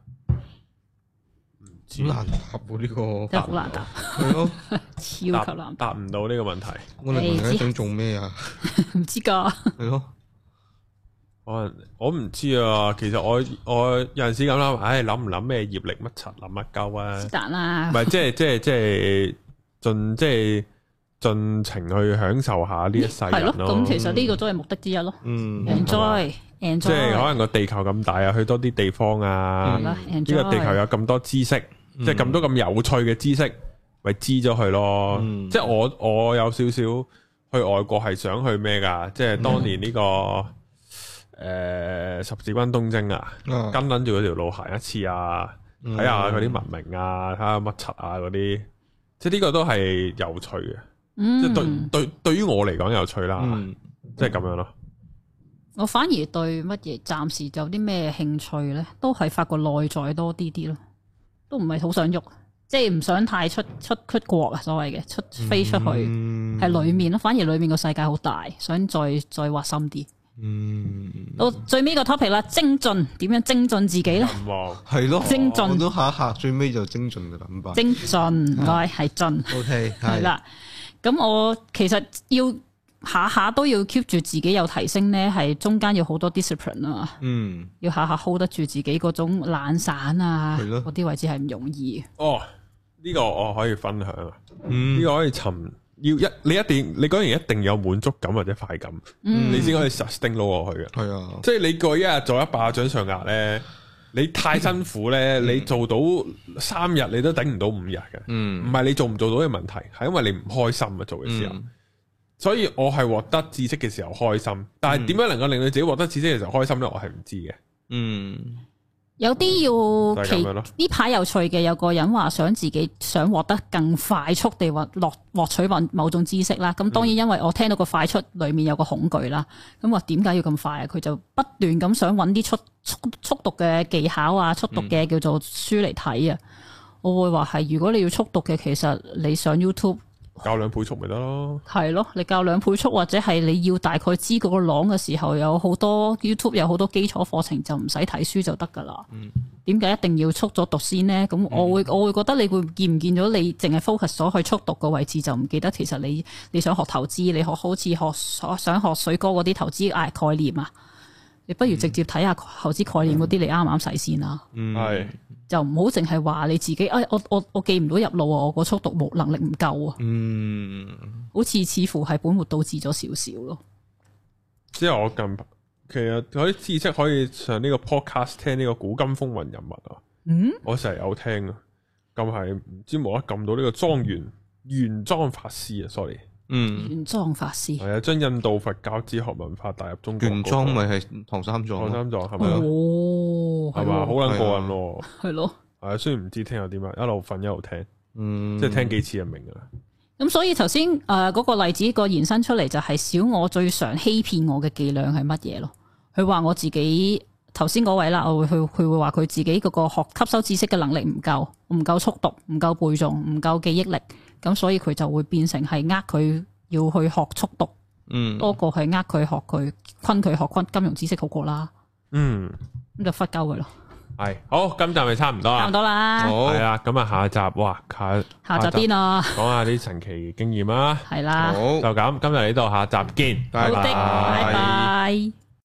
好難答喎，呢個好難答，係咯，超級難答唔到呢個問題。我哋而家想做咩啊？唔知噶，係咯，我我唔知啊。其實我我有陣時咁諗，唉諗唔諗咩業力乜柒諗乜鳩啊？是但啦，唔係即係即係即係盡即係盡情去享受下呢一世人咯。咁其實呢個都係目的之一咯。嗯，enjoy，即係可能個地球咁大啊，去多啲地方啊。呢個地球有咁多知識。即係咁多咁有趣嘅知識，咪、嗯、知咗佢咯。嗯、即係我我有少少去外國，係想去咩㗎？嗯、即係當年呢、呢個誒、呃、十字軍東征啊，啊跟跟住嗰條路行一次啊，睇下佢啲文明啊，睇下乜柒啊嗰啲，即係呢個都係有趣嘅。即係、嗯、對對對於我嚟講有趣啦，即係咁樣咯。嗯嗯、我反而對乜嘢暫時有啲咩興趣咧，都係發覺內在多啲啲咯。都唔係好想喐，即係唔想太出出出國啊，所謂嘅出飛出去，係、嗯、裏面咯。反而裏面個世界好大，想再再挖深啲。嗯，到最尾個 topic 啦，精進點樣精進自己咧？係咯，精進到下下最尾就精進嘅啦，法。 白？精進、okay，唔該， 係進，OK，係啦。咁我其實要。下下都要 keep 住自己有提升咧，係中間要好多 discipline 啊，嗯，要下下 hold 得住自己嗰種懶散啊，係咯的，嗰啲位置係唔容易。哦，呢、這個我可以分享啊，呢、嗯、個可以沉，要一，你一定你講完一定有滿足感或者快感，嗯、你先可以 sustain 到落去嘅。係啊、嗯，即係你過一日做一巴掌上壓咧，你太辛苦咧，嗯、你做到三日你都頂唔到五日嘅，嗯，唔係你做唔做到嘅問題，係因為你唔開心啊做嘅時候。嗯所以我係獲得知識嘅時候開心，但係點樣能夠令到自己獲得知識嘅時候開心呢？我係唔知嘅。嗯，有啲要奇呢排有趣嘅有個人話想自己想獲得更快速地獲獲取某種知識啦。咁當然因為我聽到個快速裏面有個恐懼啦。咁話點解要咁快啊？佢就不斷咁想揾啲速速速讀嘅技巧啊，速讀嘅叫做書嚟睇啊。嗯，我會話係如果你要速讀嘅，其實你上 YouTube。教兩倍速咪得咯，係咯，你教兩倍速或者係你要大概知個朗嘅時候，有好多 YouTube 有好多基礎課程就唔使睇書就得噶啦。點解、嗯、一定要速咗讀先呢？咁我會、嗯、我會覺得你會見唔見到你淨係 focus 咗去速讀個位置就唔記得，其實你你想學投資，你學好似學想學水哥嗰啲投資啊概念啊。你不如直接睇下投資概念嗰啲，你啱唔啱使先啊。嗯，係就唔好淨係話你自己，哎，我我我記唔到入腦啊，我個速度冇能力唔夠啊。嗯，好似似乎係本末倒置咗少少咯。即係我近排其實可以知識可以上呢個 podcast 聽呢個古今風雲人物啊。嗯，我成日有聽啊，咁係唔知冇得啦撳到呢個莊園原裝法師啊，sorry。嗯，玄奘法師係啊，將印度佛教哲學文化帶入中國。玄奘咪係唐三藏，唐三藏係咪啊？哦吧，係嘛、啊，好捻過癮咯，係咯。係啊，雖然唔知聽有啲乜，一路瞓一路聽，嗯，即係聽幾次就明噶啦。咁、嗯、所以頭先誒嗰個例子個延伸出嚟就係小我最常欺騙我嘅伎倆係乜嘢咯？佢話我自己頭先嗰位啦，我會去佢會話佢自己嗰個學吸收知識嘅能力唔夠，唔夠速讀，唔夠背誦，唔夠記憶力。咁所以佢就會變成係呃佢要去學速讀，嗯、多過係呃佢學佢坤佢學昆金融知識好過啦。嗯，咁就忽鳩佢咯。係，好，今集咪差唔多啦。差唔多啦。係好啊，咁啊，下一集哇，下下，下集邊啊？講下啲神奇經驗啊。係啦。好。就咁，今日呢度，下集見。好的，拜拜。拜拜。